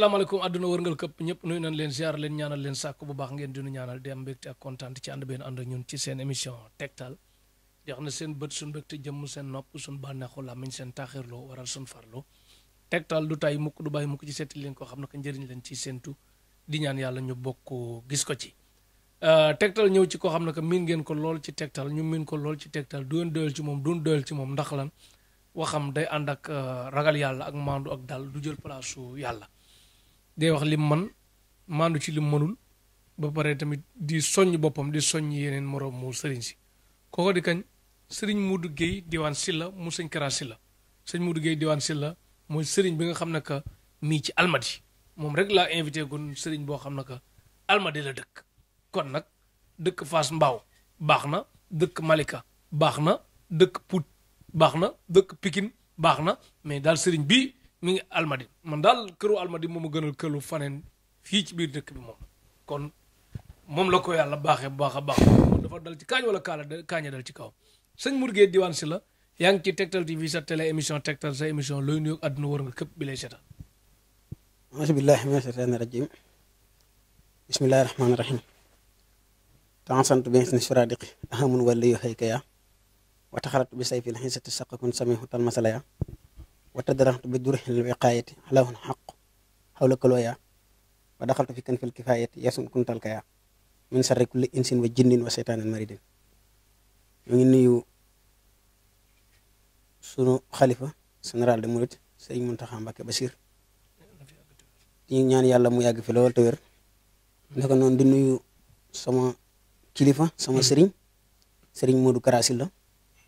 salaamaaleykum àdduna wërngal këpp ñëpp nuyu nañ leen ziar leen ñaanal leen sàkk bu baax ngeen dinu ñaanal di am mbégte ak kontaan ci ànd benn ànd ak ñun ci seen émission tegtal di xam seen bët suñ mbégte jëmm seen nopp suñ bànneexu làmmiñ seen taaxirloo waral suñ farlo tegtal du tay mukk du bàyyi mukk ci seeti leen ko xam ne ko njëriñ leen ci séentu di ñaan yàlla ñu bokk gis ko ci euh, tegtal ñëw ci koo xam ne que miin ngeen ko lool ci tegtal ñu miin ko lool ci tegtal du doon doyal ci moom doon doyal ci moom ndax lan waxam day ànd ak euh, ragal yàlla ak maandu ak dal du jël place yàlla day wax lim man maandu ci lim mënul ba pare tamit di soññ boppam di soññ yeneen moroom mu sëriñ si kooko di kañ sëriñ Modou Guèye diwaan Silla mu sëñ Kara Silla sëñ mu Modou Guèye diwaan Silla mooy sëriñ bi nga xam na que mii ci almadi moom rek laa invité gun sëriñ boo xam ne que almadi la dëkk kon nag dëkk Fass Mbao baax na dëkk Malika baax na dëkk Pout baax na dëkk pikin baax na mais daal sëriñ bi mi ngi almadi man daal këru almadi moom a gënal këru faneen fii ci biir dëkk bi moom kon moom la ko yàlla baaxee bu baax a baax dafa dal ci kaañ wala kaala kaaña dal ci kaw sëñ Mour Gueye Diwane Sylla yaa ngi ci Tektal TV sa télé émission Tektal sa émission looy nuyoog àdduna war nga këpp bi lay seetaan auzu billaahi mina shaytaani rajiim bismillaahi rahmaani rahiim tansantu bi sin suradiqi ahamun waliyu haykaya wa taxaratu bi sayfil xisati saqakun samihu talmasalaya وتدرعت بدره الوقاية حلاه حق حولك الويا ودخلت في كنف الكفاية يسن كنت الكيا من شر كل إنس وجن وشيطان مريد ñu ngi nuyu sunu xalifa général de Mouride sëriñ Mountakha Mbacké Bassir di ñaan yàlla mu yàgg fi lool te di nuyu sama kilifa sama mm-hmm. sëriñ sëriñ Modou Kara Sylla la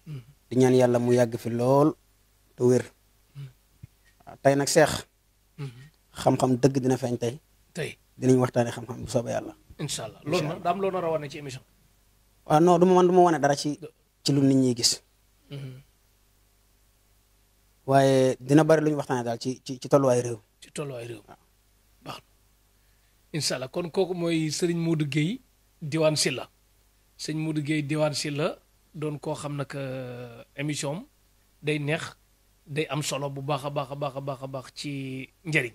mm-hmm. di ñaan yàlla mu yàgg fi lool te tey nag seex. Mhm. xam-xam dëgg dina feeñ tey. tey dinañ waxtaanee xam-xam bu soobee yàlla. allah loolu nag daam loo a wane ci émission. waaw non du ma man du wane dara ci ci lu nit ñi gis. Mhm. waaye dina bari luñ ñu waxtaanee daal ci ci ci tolluwaay réew. ci tolluwaay réew waaw. kon kooku mooy Serigne Modou Guèye Diwane Sylla sëñ Modou Guèye Diwane Sylla doon koo xam nag euh, émission day neex. day am solo bu baax a baax a baax a baax a baax ci njëriñ.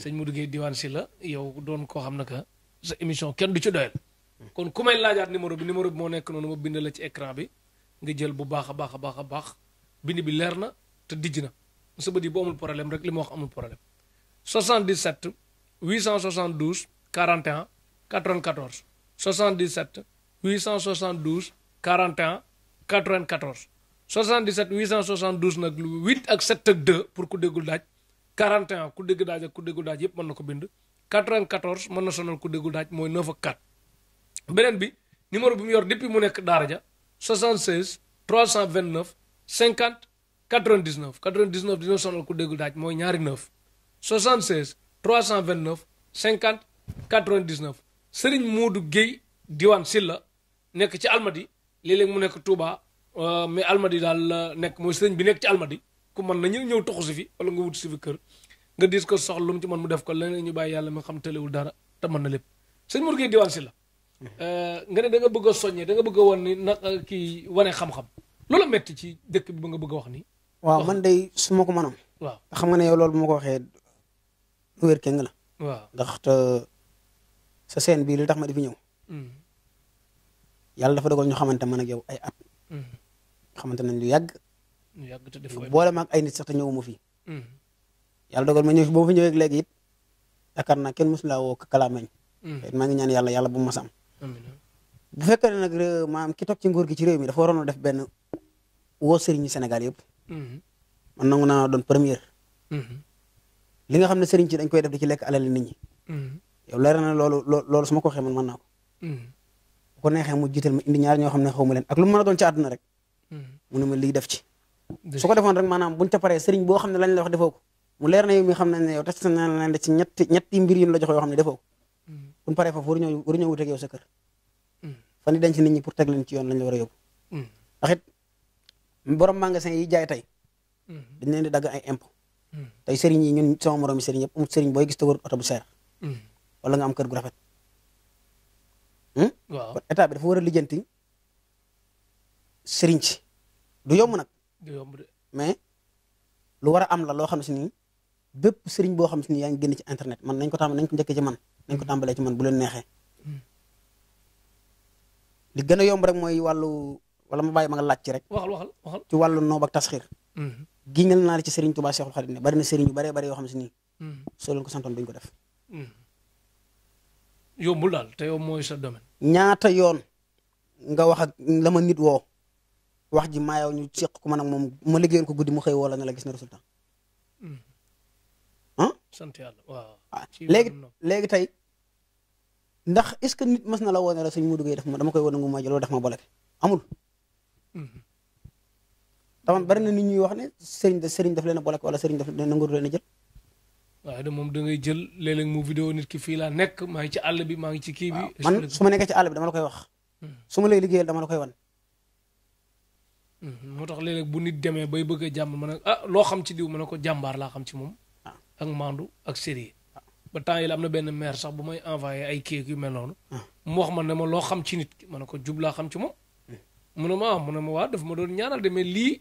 sëñ Modou Gueye Diwane Sylla yow doon koo xam ne que sa émission kenn du ci doyal. kon ku may laajaat numéro bi numéro bi moo nekk noonu ma bind la ci écran bi nga jël bu baax a baax a baax a baax bind bi leer na te dijj na sa bët yi amul problème rek li ma wax amul problème 77 872 41 94 77 872 41 94. 77 872 nag lu 8 ak 7 ak pour ku déggul daaj 41 ku dégg daaj ak ku déggul daaj yëpp man na ko bind 94 mën na sonal ku déggul daaj mooy 9 ak 4 beneen bi numéro bi mu yor depuis mu nekk daara ja 76 329 50 99 99 dina sonal ku déggul daaj mooy ñaari 9 76 329 50 99 Serigne Modou Guèye Diwane Silla nekk ci Almadi léeg-léeg mu nekk Touba Euh, mais almadi daal euh, nekk mooy sëriñ bi nekk ci almadi ku mën na ñu ñëw toxu si fi wala nga wut si fi kër nga diis ko soxla lu ci man mu def ko la leneen ñu bàyyi yàlla mi xam tëlewul dara te man na lépp sëñ Mor Gueye Diwane Sylla euh, nga ne da nga bëgg a soññee da nga bëgg a wan ni kii wane xam-xam loola metti ci dëkk bi ba nga bëgg a wax nii waaw man day su ma ko mënoon waaw xam nga ne yow loolu bu ma ko waxee lu wér keng la waaw ndaxte sa seen bii li tax ma di fi ñëw mm. yàlla dafa dogal ñu xamante man ak yow ay xamante nañ lu yàgg. boole ma ak ay nit sax te ñëwuma fi. Hmm. yàlla dogal ma ñëw fi ba ma fi ñëwee léegi it yaakaar naa kenn mosu laa woo kalaameñ. Hmm. ma sam. bu fekkee ne nag maam ki toog ci nguur gi ci réew mi dafa waroon a def benn woo sëriñu Sénégal yëpp. Hmm. man nangu naa doon première. li nga xam ne sëriñ ci dañ koy def di ci lekk alal nit ñi. yow leer na loolu loolu su ko waxee man naa ko. bu ko neexee mu ma indi ñaar ñoo xam ne xaw leen ak lu mu a doon ci rek. Mm-hmm. mu ne lii def ci ko defoon rek maanaam buñ ca paree sëriñ boo xam ne lañ la wax defoo ko mu leer na yow mi xam ne ne yow test na la ci ñetti ñetti mbir yu ñu la jox yoo xam mm-hmm. mm-hmm. ñi pour teg leen ci yoon lañ la war a yi jaay tey dañ leen di dagg ay yi ñun sama moromi sëriñ yëpp amul sëriñ booy gis te wër oto bu seer wala nga am kër gu rafet waaw état bi dafa sëriñ ci du yomb nag. du yomb de mais lu war a am la loo xam si ni bépp sëriñ boo xam si ni yaa internet man nañ ko tàmbalee nañ ko njëkkee ci man. nañ ko tàmbalee ci man bu leen hmm. mooy wàllu wala ma bàyyi ma nga laaj ci rek. waxal waxal waxal ci wàllu noob ak tasxiir. Hmm. giñal naa la ci sëriñ Tuubaa Seexul Xadiim ne bari na sëriñ yu baree bari yoo xam si nii. Hmm. soo leen ko santoon duñ ko def. yombul daal te yow yoon nga wax ak la wax ji maayaw ñu seq ko man ak moom ma liggéeyoon ko guddi mu xëy wala ne la gis na résultat. ah sant yàlla waaw. Ah, léegi léegi tey ndax est-ce que nit mës na la woone la suñu mudu gay def ma dama koy wane ngu ma jëloo def ma boleke amul. Hmm. dama bari na nit ñuy wax ne sëriñ de sëriñ daf leen a boleke wala sëriñ daf leen a nangu leen a jël. waaye de moom da ngay jël léeg-léeg mu vidéo nit ki fii laa nekk maa ngi ci àll bi maa ngi ci kii bi. man su ma nekkee ci àll bi dama la koy wax. Hmm. su ma lay liggéeyal dama la koy wan. Mhm. moo tax lee léeg bu nit demee bay bëgg a jàmm mën a ah loo xam ci diw mën a ko jàmbaar laa xam ci moom. Ah. ak maandu ak série ah. ba temps yi am na benn maire sax bu may envoyé ay kéek yu mel noonu. Ah. mu wax ma ne ma loo xam ci nit mën a ko jub laa xam ci moom. Hmm. mu ne ma ah mu ne ma daf ma doon ñaanal de lii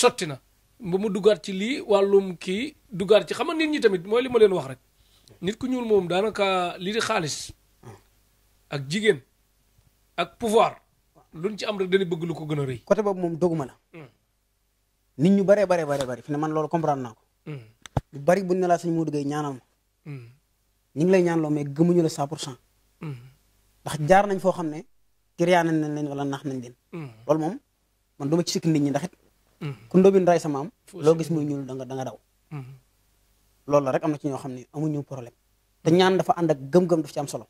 sotti na ba mu dugaat ci lii wàllum kii dugaat ci xam nga nit ñi tamit mooy li ma leen wax rek. nit ku ñuul moom daanaka lii di xaalis. ak jigéen ak pouvoir. luñ ci am rek dañu bëgg lu ko gën a rëy. côté boobu moom doguma la. Hmm. nit ñu baree baree baree bari fi ne man loolu comprendre naa ko. Hmm. lu bari buñ ne laa sëñ Modou hmm. ñu ngi lay ñaanaloo mais gëmuñu la 100 pour cent. ndax jaar nañ foo xam ne kiriyaan nañ leen wala nax nañ leen. loolu moom man du ma ci sikk nit ñi ndax it. ku ndóobin ray sa maam. loo gis mu ñu da nga da nga daw. loolu la rek am na ci ñoo xam ne amuñu problème te ñaan dafa ànd ak gëm-gëm daf ci am solo.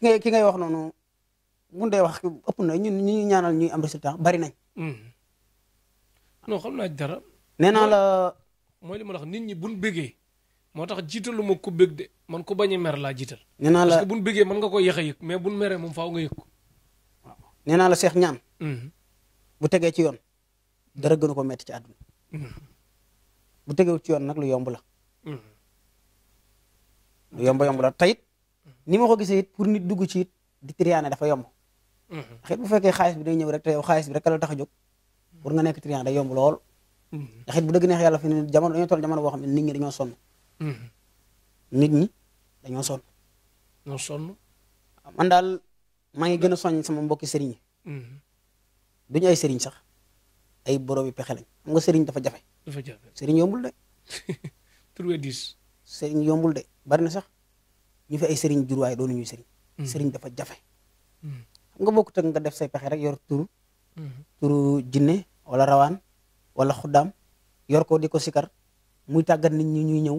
ki ngay ki wax noonu bu dee wax ëpp na ñun ñu ñu ñaanal ñuy am résultat bari nañ. Hmm. non dara. nee naa la. mooy li ma wax nit ñi buñ bëggee moo tax lu ma ku bëgg de man ku bañ mer laa jiital. nee naa la parce que buñ mën nga ko yéex a yëg mais buñ mere moom faaw nga yëg ko. la seex ñaan. Hmm. bu tegee ci yoon dara gënu ko metti ci àdduna. Hmm. bu tegewul ci yoon nag lu yomb la. lu yomb yomb tayit ni ma ko gisee it pour nit dugg ci it di triané dafa yomb. Mhm. ndax bu fekkee xaalis bi day ñëw rek te yow xaalis bi rek la tax a jóg yomb lool. Mhm. ndax it bu dëgg yàlla fi ne jamono dañoo toll jamono boo nit ñi dañoo sonn. Mhm. nit ñi dañoo sonn. Ah, man daal maa ngi gën a soññ sama mbokki sëriñ yi. duñu ay sëriñ sax ay borom yu pexe lañ xam nga sëriñ dafa jafe. dafa jafe sëriñ yombul de. sëriñ yombul de bari na sax. ñu fi ay sëriñ jur waaye doonu ñuy sëriñ. Mm. sëriñ dafa jafe. Mm. xam nga bokk ak nga def say pexe rek yor turu. Mm-hmm. turu jinne wala rawaan wala xuddaam yor ko di ko sikar muy tàggat ni ñu ñu ñëw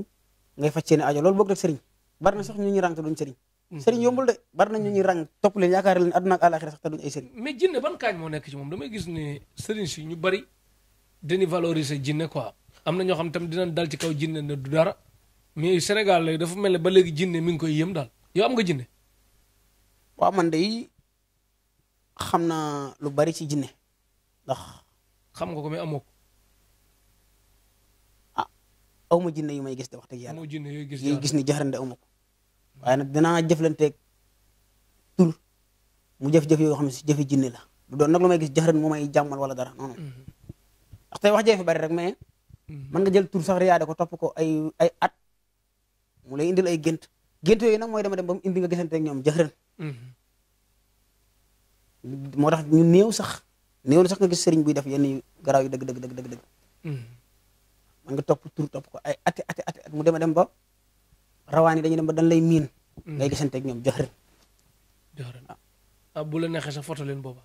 ngay faj seen ajo loolu bokkut ak sëriñ bari na sax ñu ñuy ràng te duñ sëriñ. Mm-hmm. sëriñ yombul de bari na ñu ñuy ràng topp leen yaakaar leen àdduna ak àllaaxira sax te duñ ay sëriñ. mais jinne ban moo nekk ci moom gis ne sëriñ si ñu bari dañuy valoriser jinne ko am na ñoo xam tam dinañ dal ci kaw jinne ne du dara mais senegal léegi dafa mel ne ba léegi jinne mi ngi koy yëm daal yow am nga jinne waaw man de xam naa lu bari ci jinne ndax. xam nga ko mais amoo ko. ah aw jinne yu may gis de wax dëgg yàlla. amoo jinne yooyu gis gis ni jaxarande aw ma ko. waaye nag dinaa jëflanteeg tur mu jëf-jëf yoo xam ne si jafe jinne la. du doon nag lu may gis jaxarande mu may jàmmal wala dara non non. Mhm. ndax wax jafe bari rek mais. Mhm. mën nga jël tur sax riyaade ko topp ko ay at. mu lay indil ay gént gént yooyu nag mooy dama dem ba mu indi nga gisante ak ñoom jëxëran mm-hmm. moo tax ñu néew sax néew na sax nga gis sëriñ buy def yenn yu garaaw yu dëgg dëgg dëgg dëgg man mm-hmm. nga topp tur topp ko ay ati ati ati at mu dema dem ba rawaan yi dañuy dem ba dañ lay miin mm-hmm. ngay gisante ak ñoom jëxëran jëxëran ah bu la booba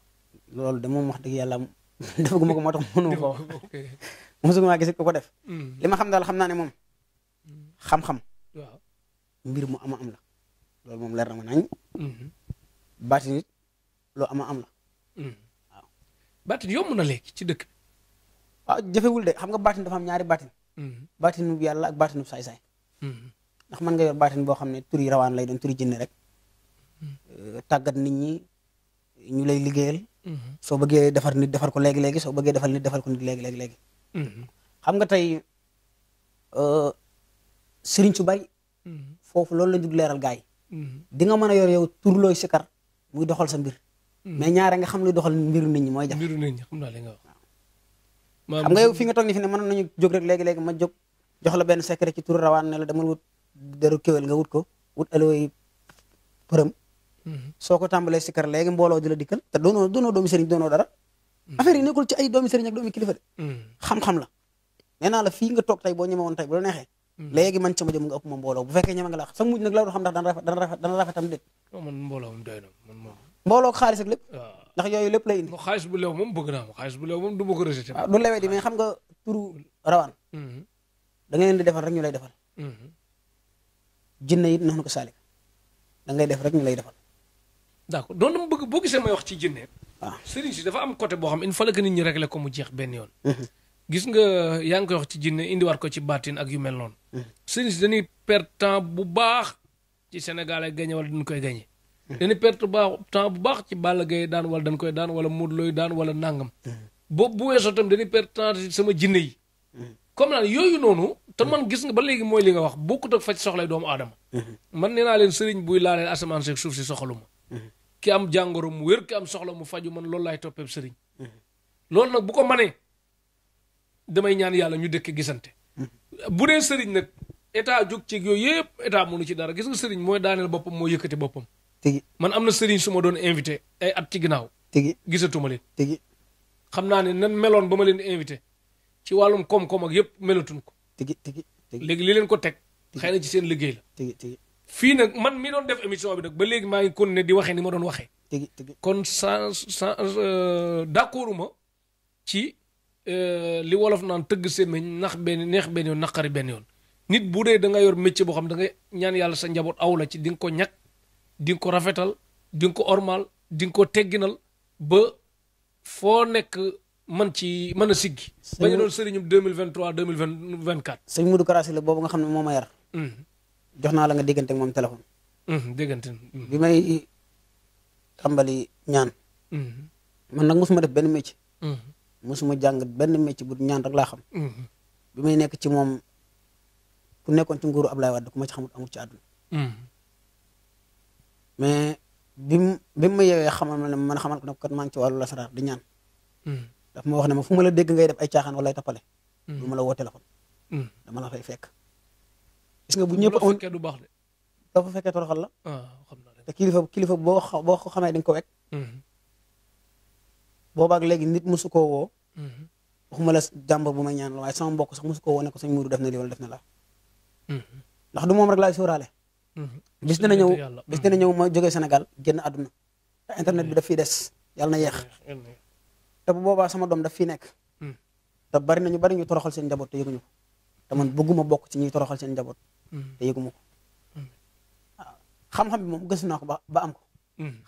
loolu de moom wax dëgg yàlla defaguma ko moo tax mënu ko mosugumaa gis ko ko def li xam daal xam naa ne moom xam-xam waaw mbir mu ama am la loolu moom leer na ma nañ. Mhm. baatin loo ama am la. Mhm. waaw baatin yomb na léegi ci dëkk a ah jafewul de xam nga baatin dafa am ñaari baatin. Mhm. baatinu yàlla ak baatinu saay-saay. ndax man nga yor baatin boo xam ne tur yi rawaan lay doon tur yi rek. Eh, taggat nit ñi ñu lay liggéeyal. soo bëggee defar nit defar ko léegi léegi soo bëggee defal nit defal ko nit léegi léegi xam nga tey eh, sëriñ su bari mm-hmm. foofu loolu la ñu leeral gaay mm-hmm. di nga mën a yor yow tur looy sikar muy doxal sa mbir. Mm-hmm. mais ñaare nga xam luy doxal mbiru nit ñi mooy jafe. mbiru nit ñi xam naa li nga wax. xam nga toog ni fi ne mën nañu jóg rek léegi léegi ma jóg jox la benn secret ci turu rawaan ne la dama wut deru kéwél nga wut ko wut alooy përëm. soo ko tàmbalee sikar léegi mbooloo la dikkal te doonoo doonoo doomi sëriñ doonoo dara. affaire yi nekkul ci ay doomi sëriñ ak doomi kilifa de. xam-xam la nee naa la fii nga toog boo ñemewoon Mhm. léegi man sama jëm nga ëpp ma mbooloo bu fekkee ñeme nga la sa mujj nag la doon xam ndax dana rafet dana rafet dana rafetam déet man mbooloo moom doy na man mbooloo xaalis ak lépp ndax yooyu lépp lay indi xaalis lew moom bëgg naa ma xaalis bu lew moom du ma ko rejeté ah, xam nga turu rawaan mhm. da nga leen di defal rek ñu lay defal mhm. jinne it noonu ko saalik da ngay def rek ñu lay defal d'accord doon dama bëgg boo gisee may wax ci jinne waaw ah. sëriñ si dafa am côté boo xam il fallait que nit ñi régler ko mu jeex benn yoon gis nga yaa ngi koy wax ci jinne indiwaat ko ci baatin ak yu mel noonu. sëriñ si dañuy perte temps bu baax ci Sénégal ay gañe wala dañ koy gañe dañuy perte baax temps bu baax ci Balla Gaye daan wala dañ koy daan wala Modou Lo daan wala nangam. boobu bu weesoo tam dañuy per temps sama jinne yi. comme naan yooyu noonu. te man gis nga ba léegi mooy li nga wax bokkut ak faj soxlay doomu aadama. man nee naa leen sëriñ buy laalee asamaan seeg suuf si soxaluma. ki am jàngoro mu wér ki am soxla mu faju man loolu laay toppee sëriñ. damay ñaan yàlla ñu dëkk gisante. bu dee sëriñ nag état jóg ci yooyu yëpp état mënu ci dara gis nga sëriñ mooy daaneel boppam moo yëkkati boppam. tigi man am na sëriñ suma doon invité ay at ci ginnaaw. tigi gisatuma leen. tigi xam naa ne nan meloon ba ma leen invité ci wàllum koom-koom ak yëpp melatuñ ko. tigi tigi léegi li leen ko teg. xëy na ci seen liggéey la. tigi fii nag man mi def émission bi nag ba léegi maa ngi continuer di waxee ni ma doon waxee. tigi tigi kon sans sans euh, d'accorduma ci. li wolof naan tëgg semeñ nax benn neex benn yoon naqari benn yoon nit bu dee da nga yor métier boo xam da nga ñaan yàlla sa njaboot aw la ci di nga ko ñàkk di nga ko rafetal di nga ko ormal di nga ko tegginal ba foo nekk man ci man a siggi ba ñu doon sëriñum mille 2024 sëñ Modou Kara Sylla boobu nga xam ne moo ma yar mm-hmm. jox naa la nga déggante moom téléphone mm-hmm. déggante mm-hmm. bi may tàmbali ñaan man nag mosuma def benn métier mosuma jàng benn métier bu ñaan rek laa xam. Mhm. bi may nekk ci moom ku nekkoon ci nguuru Ablaye Wade ku ma ci xamul amul ci àdduna. Mhm. mais bi mu bi mu ma yeewee xamal ma ne man xamal ko ne kat maa ngi ci di ñaan. Mhm. daf ma wax ne ma fu ma la dégg ngay def ay caaxaan wala ay tappale. du ma la woo téléphone. dama la fay fekk. gis nga bu ñëpp amoon du baax de. Ah, te kilifa boo boo ko ko wekk. boobaak léegi nit mosu koo woo mhm. waxuma la jàmbur bu may ñaanal waaye sama mbokk sax mosu koo woo ne ko sëñ Mourou def na lii wala def na laa mhm. ndax du moom rek laay sóoraale mhm. bis dina ñëw bis dina ñëw ma jógee Sénégal génn àdduna internet bi daf fiy des yàlla na yeex te bu boobaa sama doom daf fiy nekk te bari nañu bari ñu toroxal seen njaboot te yëguñu ko te man bëgguma bokk ci ñuy toroxal seen njaboot te yëguma ko waaw ah, xam-xam bi moom gëstu ko ba ba am ko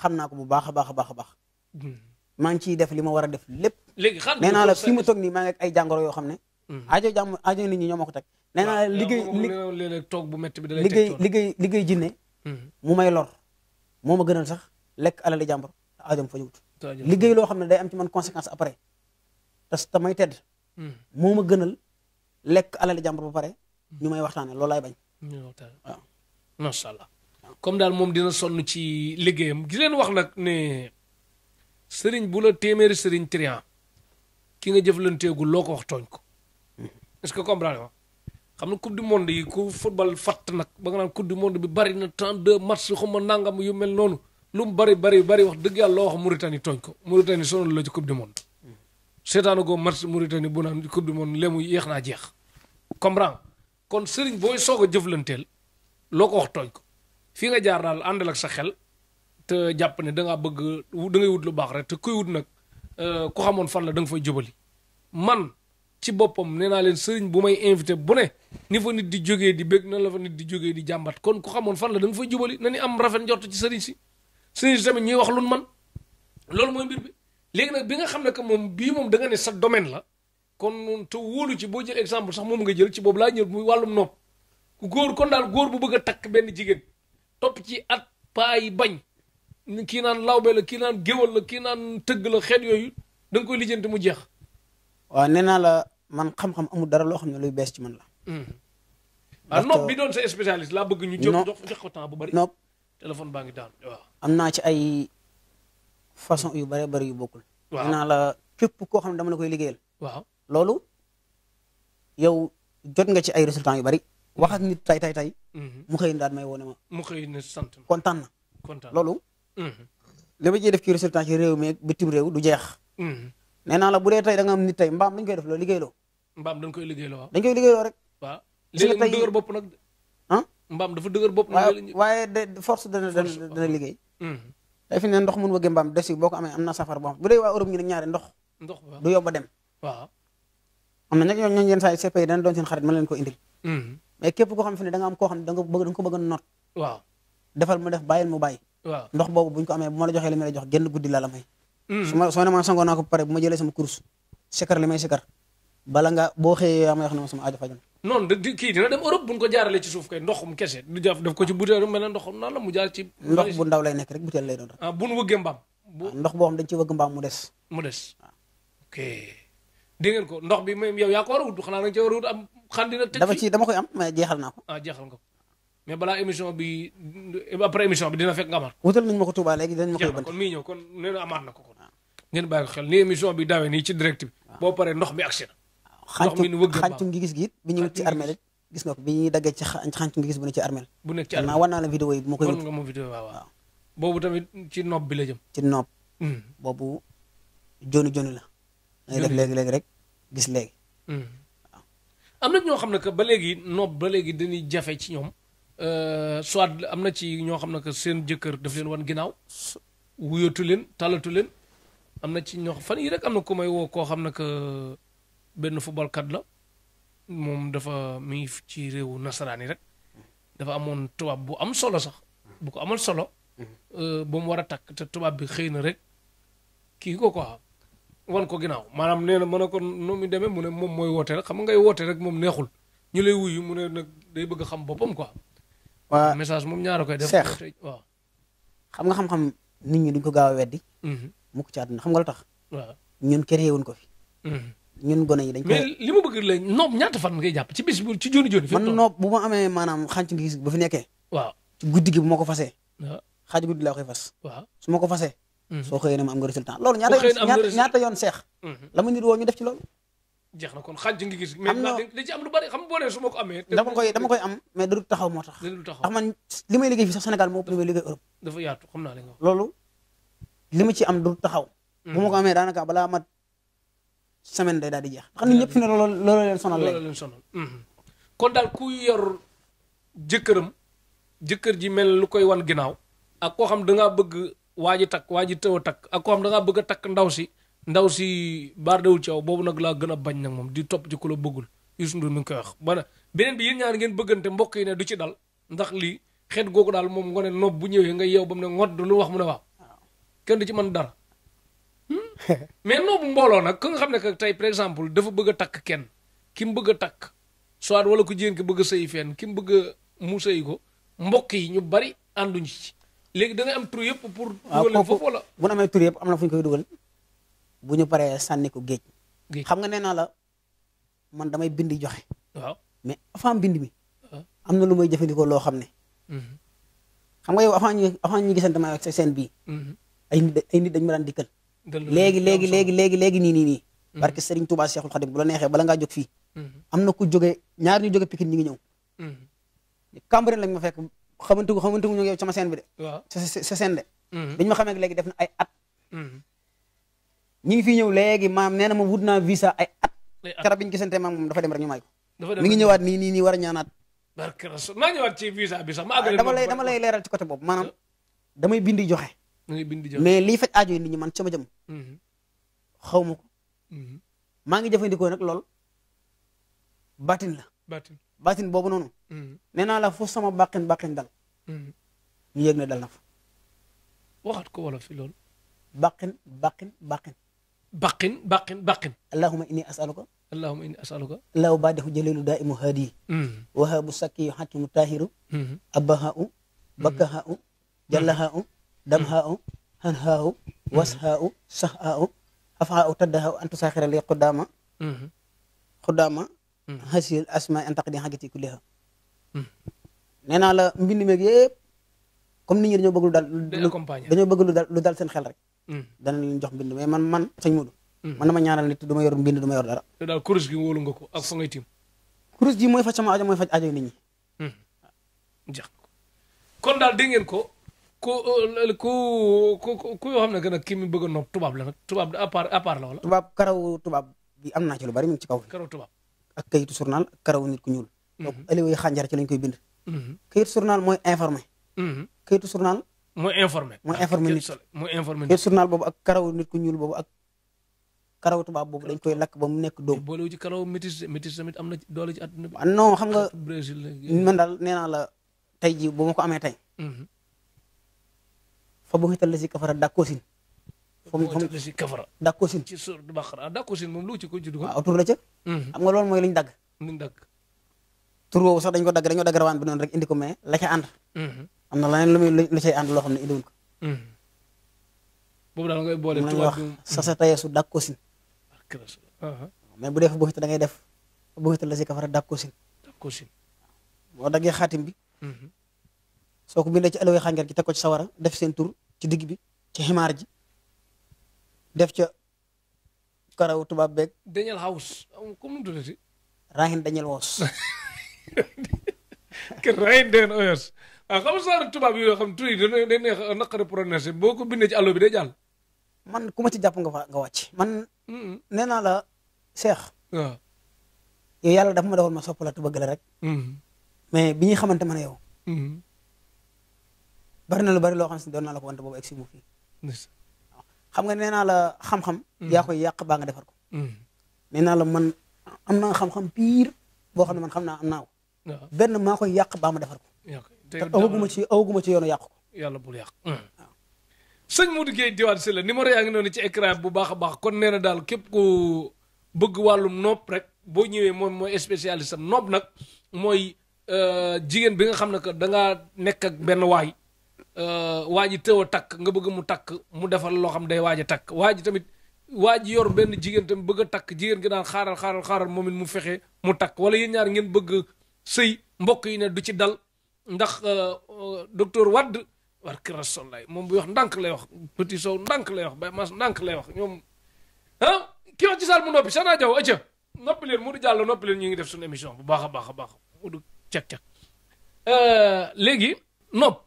xam naa ko bu baax a baax baax a baax maa ngi ciy def li ma war a def lépp. léegi xam nee naa la fi mu toog nii maa ngi ay jàngoro yoo xam ne. Hmm. aajo jàmm aajo nit ñi ñoo ma ko teg. nee naa liggéey toog bu métti bi da lay liggéey liggéey liggéey jinne hmm. mu may lor moo ma gënal sax lekk alali jàmbur aajo ma fa ñëwut. liggéey loo xam ne day am ci man conséquence après te tamay tedd. Hmm. moo ma gënal lekk alali jàmbur ba pare ñu may waxtaane loolu laay bañ. waaw macha allah comme daal moom dina sonn ci liggéeyam gi leen wax nag sëriñ bu la téeméeri sëriñ trian ki nga jëflanteegul loo ko wax tooñ ko est-ce que comprendre nga xam ne coupe du monde yi ku football fatt nag ba nga naan coupe du monde bi bari na 32 match xuma nangam yu mel noonu lu mu bari bari bari wax dëgg yàlla loo wax Mauritanie tooñ ko Mauritanie sonal la ci coupe du monde seetaanu ko match Mauritanie bu naan coupe du monde leemu yéex naa jeex comprendre kon sëriñ booy soog a jëflanteel loo ko wax tooñ ko fii nga jaar daal àndal ak sa xel te jàpp ne danga ngaa bëgg da ngay wut lu baax rek te kuy wut nag euh, ku xamoon fan la da nga fay jubali man ci boppam nee naa leen sëriñ bu may invité bu ne ni fa nit di jógee di bég nan la fa nit di jógee di jàmbat kon ku xamoon fan la da nga fay jubali na ni am rafet njort ci si sëriñ si tamit ñuy wax lun man loolu mooy mbir bi léegi nag bi nga xam ne que moom bii moom da nga ne sa domaine la kon te wóolu ci boo jël exemple sax moom nga jël ci boobu laa ñëw muy wàllum nopp ku góor kon daal góor bu bëgg a takk benn jigéen topp ci at paa bañ kii naan lawbe la kii naan géwal la kii naan tëgg la xeet yooyu da nga koy lijjanti mu jeex. waaw nee naa la man xam-xam amul dara loo xam ne luy bees ci man la. Hmm. ah nopp bi doon sa spécialiste laa bëgg ñu. bu bari. nopp téléphone baa ngi naa ci ay façon yu bëree bëri yu bokkul. waaw nee naa koo xam ne dama la koy liggéeyal. waaw loolu yow jot nga ci ay résultats yu bari. wax ak nit tay tay tay hmm. mu xëy na daal may wone ma. mu loolu li ma ciy def ci résultat ci réew mi ak bitim réew du jeex. nee naa la bu dee tey da nga am nit tey mbaam dañ koy def loo liggéeyloo. mbaam rek. waaw mu dëgër bopp nag. ah mbaam dafa dëgër bopp. waaye waaye de force dana dana dana hmm. fi ne ndox mun wëggee mbaam des yi amee am na safar boo xam bu dee waa Europe nag ñaari ndox. du yóbba dem. am na ñoo ñoo ñoo yenn saa yi CPI xarit mën ko indil. Hmm. mais képp koo xam fi ne da nga am koo xam ne da nga ko bëgg a not. defal mu def bàyyil mu bàyyi. ndox boobu buñ ko amee bu ma la joxee li ma a jox genn guddi laa la may mm. su ma soo ne ma sangoo pare bu ma jëlee sama course sikar li may sikar bala nga boo xëyee yaa may wax ne ma sama aajo fajal non ko jaarale ci suuf kay ndoxum kese du def daf ko ci butéel mel ne ndoxum naan la mu jaar ci ndox bu ndaw lay nekk rek butéel lay doon rek ah buñ mbaam ah, ndox boo xam dañ ci ah. ko ndox bi même yow yaa ko war a wut a wut am xandina dama ci dama koy am a jeexal naa ko ah jeexal ko mais balaa émission bi après émission bi dina fekk nga amaat ko. wutal nañ ma ko Touba léegi dinañ ma ko yóbbante kon ko kon. ngeen bàyyi ko xel ni émission bi dawee nii ci direct bi. boo paree ndox mi agsi na. ndox ngi gis gi bi ñëw ci armel gis nga ko bi ñuy daggee ci xantu ngi gis bu ne ci armel bu nekk ci armel naa wan naa la bu ma koy wut. nga ma vidéo waaw waaw. boobu tamit ci nopp bi la jëm. ci hmm. boobu joni joni la. joni def léegi léegi rek gis léegi. Hmm. am na ñoo xam ne que ba léegi nopp ba léegi dañuy jafe ci ñoom Euh, soit am na ci ñoo xam ne que seen jëkkër daf leen wan ginnaaw wuyatu leen talatu leen am na ci ñoo xam fan yi rek am na ko may woo koo xam na que benn footballkat la moom dafa mi ci réewu nasaraan yi rek dafa amoon tubaab bu am solo sax bu ko amal solo euh, ba mu war a takk te tubaab bi xëy na rek kii ko quoi wan ko ginnaaw maanaam nee na a ko nu mu demee mu ne moom mooy woote rek xam nga ngay woote rek moom neexul ñu lay wuyu mu ne nag day bëgg xam boppam ko waa message moom ñaar koy def seex waaw xam nga xam-xam nit ñi duñ ko gaaw a weddi. Mhm. mukk ci àdduna xam nga lu tax. waaw ñun créé wuñ ko fi. Mhm. ñun gone yi dañ ko. mais li ma bëgg la noob ñaata fan ngay jàpp ci bis bu ci joni joni. fi man noob bu ma amee maanaam xànc ngi ba fi nekkee. guddi gi bu ma ko fasee. xaaj guddi laa koy fas. su ma ko fasee. Mhm. soo xëyee ne ma am nga résultat loolu ñaata yoon seex. la nit woo ñu def ci loolu. jeex na kon xaaj nga gis. am na mais da ci am lu bari xam nga boo nee su ma ko amee. dama koy dama koy am mais da du taxaw moo tax. da du taxaw ndax man li may liggéey fii sax Sénégal moo ëpp li may liggéey Europe. dafa yaatu xam naa li nga wax. loolu li ma ci am du taxaw. Hmm. bu ma ko amee daanaka balaa mat semaine day daal di jeex. xam nit ñëpp fi ne loolu loolu leen sonal léegi loolu leen sonal. Hmm. kon daal ku yor jëkkëram jëkkër ji mel lu koy wan ginnaaw ak koo xam da ngaa bëgg waa ji takk waa ji tëw a takk ak koo xam da ngaa bëgg a takk ndaw si ndaw si baardewul ci boobu nag laa gën a bañ nag moom di topp ci ku la bëggul Youssou Ndour mi ngi koy wax ba beneen bi yéen ñaar ngeen bëggante mbokk yi ne du ci dal ndax lii xeet googu daal moom nga ne nopp bu ñëwee nga yeew bam mu ne ngodd lu wax mu ne waaw kenn du ci mën dara hmm? mais noobu mbooloo nag ka nga xam ne que tey par exemple dafa bëgg a takk kenn ki mu bëgg a takk soit wala ku jigéen bëgg a sëyi fenn bëgg mu sëyi ko mbokk yi ñu bari ànduñu léegi da ngay am tur yëpp pour. Ah, dugal leen foofu wala bu amee tur yëpp am na fu ñu koy dugal bu ñu paree sànni ko géej. xam nga nee naa la man damay bind joxe. waaw mais avant bind mi. Ah. am na lu may jëfandikoo loo xam ne. Mm-hmm. xam nga yow avant ñu avant ñu gisante ma ak a bii. Mm-hmm. ay a ay nit dañu ma daan dikkal. léegi léegi léegi léegi léegi nii nii nii. parce mm-hmm. que Serigne Touba Cheikhul Khadim bu la neexee bala ngaa jóg fii. am na ku jógee ñaar ñu jóge Pikine ñi ngi ñëw. Cambérène lañ ma fekk xamante gu xamante gu ñu ngi yow sama seen bi de. waaw sa sa seen def na ay at. ñi ngi fi ñëw léegi maam nee na ma wut naa visa ay at. ay at keroog bi ñu dafa dem rek ñu may ko. mi ngi ñëwaat nii nii nii war a ñaanaat. barke rasul maa ñëwaat ci visa ah, dama lay dama lay leeral ci côté boobu maanaam damay bindi joxe. damay bindi joxe mais liy faj aajo yi nit ñi man sama jëm. Mm-hmm. xaw ma ko. Mm-hmm. maa ngi jëfandikoo nag lool baatin la. baatin baatin boobu noonu. Mm-hmm. nee naa la fu sama bàqin bàqin dal. ñu yëg ne dal na fa. waxaat ko wala fi lool bàqin bàqin bàqin. baqin baqin baqin allahuma inni asaluka allahuma inni asaluka law baadahu jalilu daimu haadi hmm. wahaabu sakki yu xatimu tahiru hmm. abbaha u hmm. bakkaha u jallaha u damha u hanha u washa u saha u afa u taddaha u antu saxira li qudama qudama hasil asma antaqdi xagiti kulliha nee naa la mbind meeg yëpp comme nit ñi dañoo bëgg lu dal dañoo bëgg lu dal lu dal seen xel rek Hmm. dana leen jox mbind mais man man sëñ Modou hmm. man dama ñaanal nit du ma yor mbind du ma yor dara daal kurus gi wóolu nga ko ak fa ngay tiim kurus gi mooy faj sama aajo mooy faj aajo nit ñi hmm. jeex kon daal dégg ko euh, ku ku ku ku yoo xam ne que nag ki mi bëgg a nopp tubaab la nag tubaab à part à part la wala tubaab karaw tubaab bi am naa ci lu bari mi ngi ci kaw karaw tubaab ak kayitu journal karaw nit ku ñuul donc aliwoy xànjar ci lañ koy kayitu journal mu informé mooy ah, informé nit mooy informé nit journal boobu ak karaw nit ku ñuul boobu ak karaw tubaab boobu dañ koy lakk ba mu nekk dóom. boolewu ci karaw métis métis tamit am na doole ci àdduna ah, xam nga Brésil man la tey ji bu ma ko amee tey. Mm-hmm. fa bu xital la si kafara dàkkoosin. fa mu la si kafara dàkkoosin. ci suur du baqara ah, dàkkoosin moom lu ci ko ci la ca. Mm-hmm. xam nga loolu mooy liñ dagg. liñ dagg. tur woowu sax dañ ko dagg dañoo dagg rek indi ko mais la ca ànd. Mm-hmm. am na leneen lu muy lu cay ànd loo xam ne indiwul ko. Hmm. boobu daal ngay bu dee fa buxita da ngay def fa buxita la si kafara dàkkoosin. dàkkoosin boo daggee xaatim bi. Hmm. soo ko bindee ci alawee xàngeer gi teg ko ci sawara def seen ci digg bi ci ximaar ji def ca karaw tubaab beeg. rahin Daniel House. ah xam nga saaru tubaab yi yoo xam tur yi dañuy dañuy naqari prononcé boo ko bindee ci àllo bi day jàll. man ku ma ci jàpp nga fa nga wàcc. man. nee naa la Cheikh. Ah. yàlla dafa ma doon ma soppala tu bëgg la rek. Mm-hmm. mais bi ñuy xamante man yow. Mm-hmm. bari na lu bari loo xam si doon nala la ko wante boobu egg si mu fii. xam nga nee naa la xam-xam. Mm-hmm. yaa yàq baa nga defar ko. nee naa la man am naa xam-xam boo xam ne man xam naa am naa ko. Ah. benn yàq baa ma defar ko. te awaguma ci awaguma ci yoonu yàqu ko. yàlla bul yàq. Hmm. sëñ Modou Gueye Diwane Sylla numéro yaa ngi noonu ci écran bu baax a baax kon nee na daal képp ku bëgg wàllum nopp rek boo ñëwee moom mooy spécialiste am nopp nag mooy euh, jigéen bi nga xam ne que da ngaa nekk ak benn waay euh, waa ji tëw a takk nga bëgg mu takk mu defal loo xam day waaj a takk waa ji tamit waa ji yor benn jigéen tamit bëgg a takk jigéen gi daan xaaral xaaral xaaral moom mu fexe mu takk wala yéen ñaar ngeen bëgg sëy mbokk yi ne du ci dal. ndax euh, euh, docteur Wadd barke Rasulaay moom bu wax ndànk lay wax Petit Sow ndànk lay wax Baye Mass ndànk lay wax ñoom ah ki wax ci saal mu noppi sa Sana Diaw acca noppi leen Modou Diallo noppi leen ñu ngi def suñu émission bu baax a baax a baax Modou cak cak euh, léegi nopp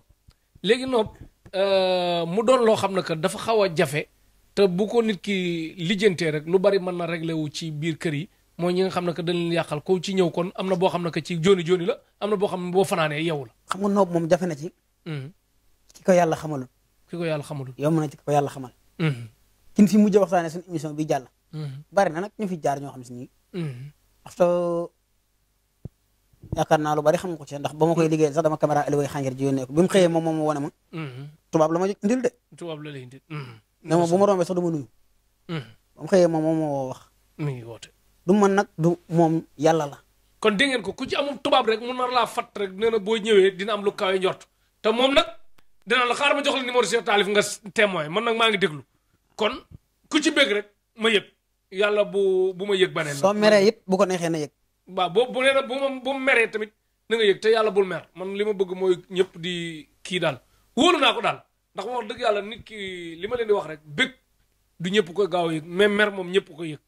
léegi nopp mu doon loo xam ne que dafa xaw a jafe te bu ko nit ki lijjantee rek lu bari mën na réglé wu ci biir kër yi mooy ñi nga xam ne que dañ leen yàqal ko ci ñëw kon am na boo xam ne que ci joni joni la am na boo xam ne boo fanaanee yow la. xam nga noob moom jafe na ci. Mm-hmm. ki ko yàlla xamalul. ki ko yàlla xamalul. yow mën na ci ko yàlla xamal. Mm-hmm. kin fi mujj waxtaanee suñu émission bi jàll. Mm-hmm. bari na nag ñu fi jaar ñoo xam si nii. parce naa lu bari xam nga ko ci ndax ba ma koy liggéeyal sax dama caméra Aliou Xanjar ji yónnee la ma indil de. tubaab la lay indil. ne ma bu ma rombee sax ma nuyu. moom moom moo wax. du man nag du moom yàlla la. kon dégg ngeen ko ku ci amul tubaab rek mu nar laa fat rek nee na boo ñëwee dina am lu kawe njort te moom nag dina la xaar ma jox la numéro Cheikh Talif nga témoin man nag maa ngi déglu kon ku ci bëgg rek ma yëg yàlla bu bu ma yëg baneen soo meree it bu ko neexee na yëg. waaw boo bu nee na bu ma meree tamit na nga yëg te yàlla bul mer man li ma bëgg mooy ñëpp di kii daal wóolu naa ko daal ndax wax dëgg yàlla nit ki li ma leen di wax rek bëgg du ñëpp ko gaaw a yëg mais moom ñëpp ko yëg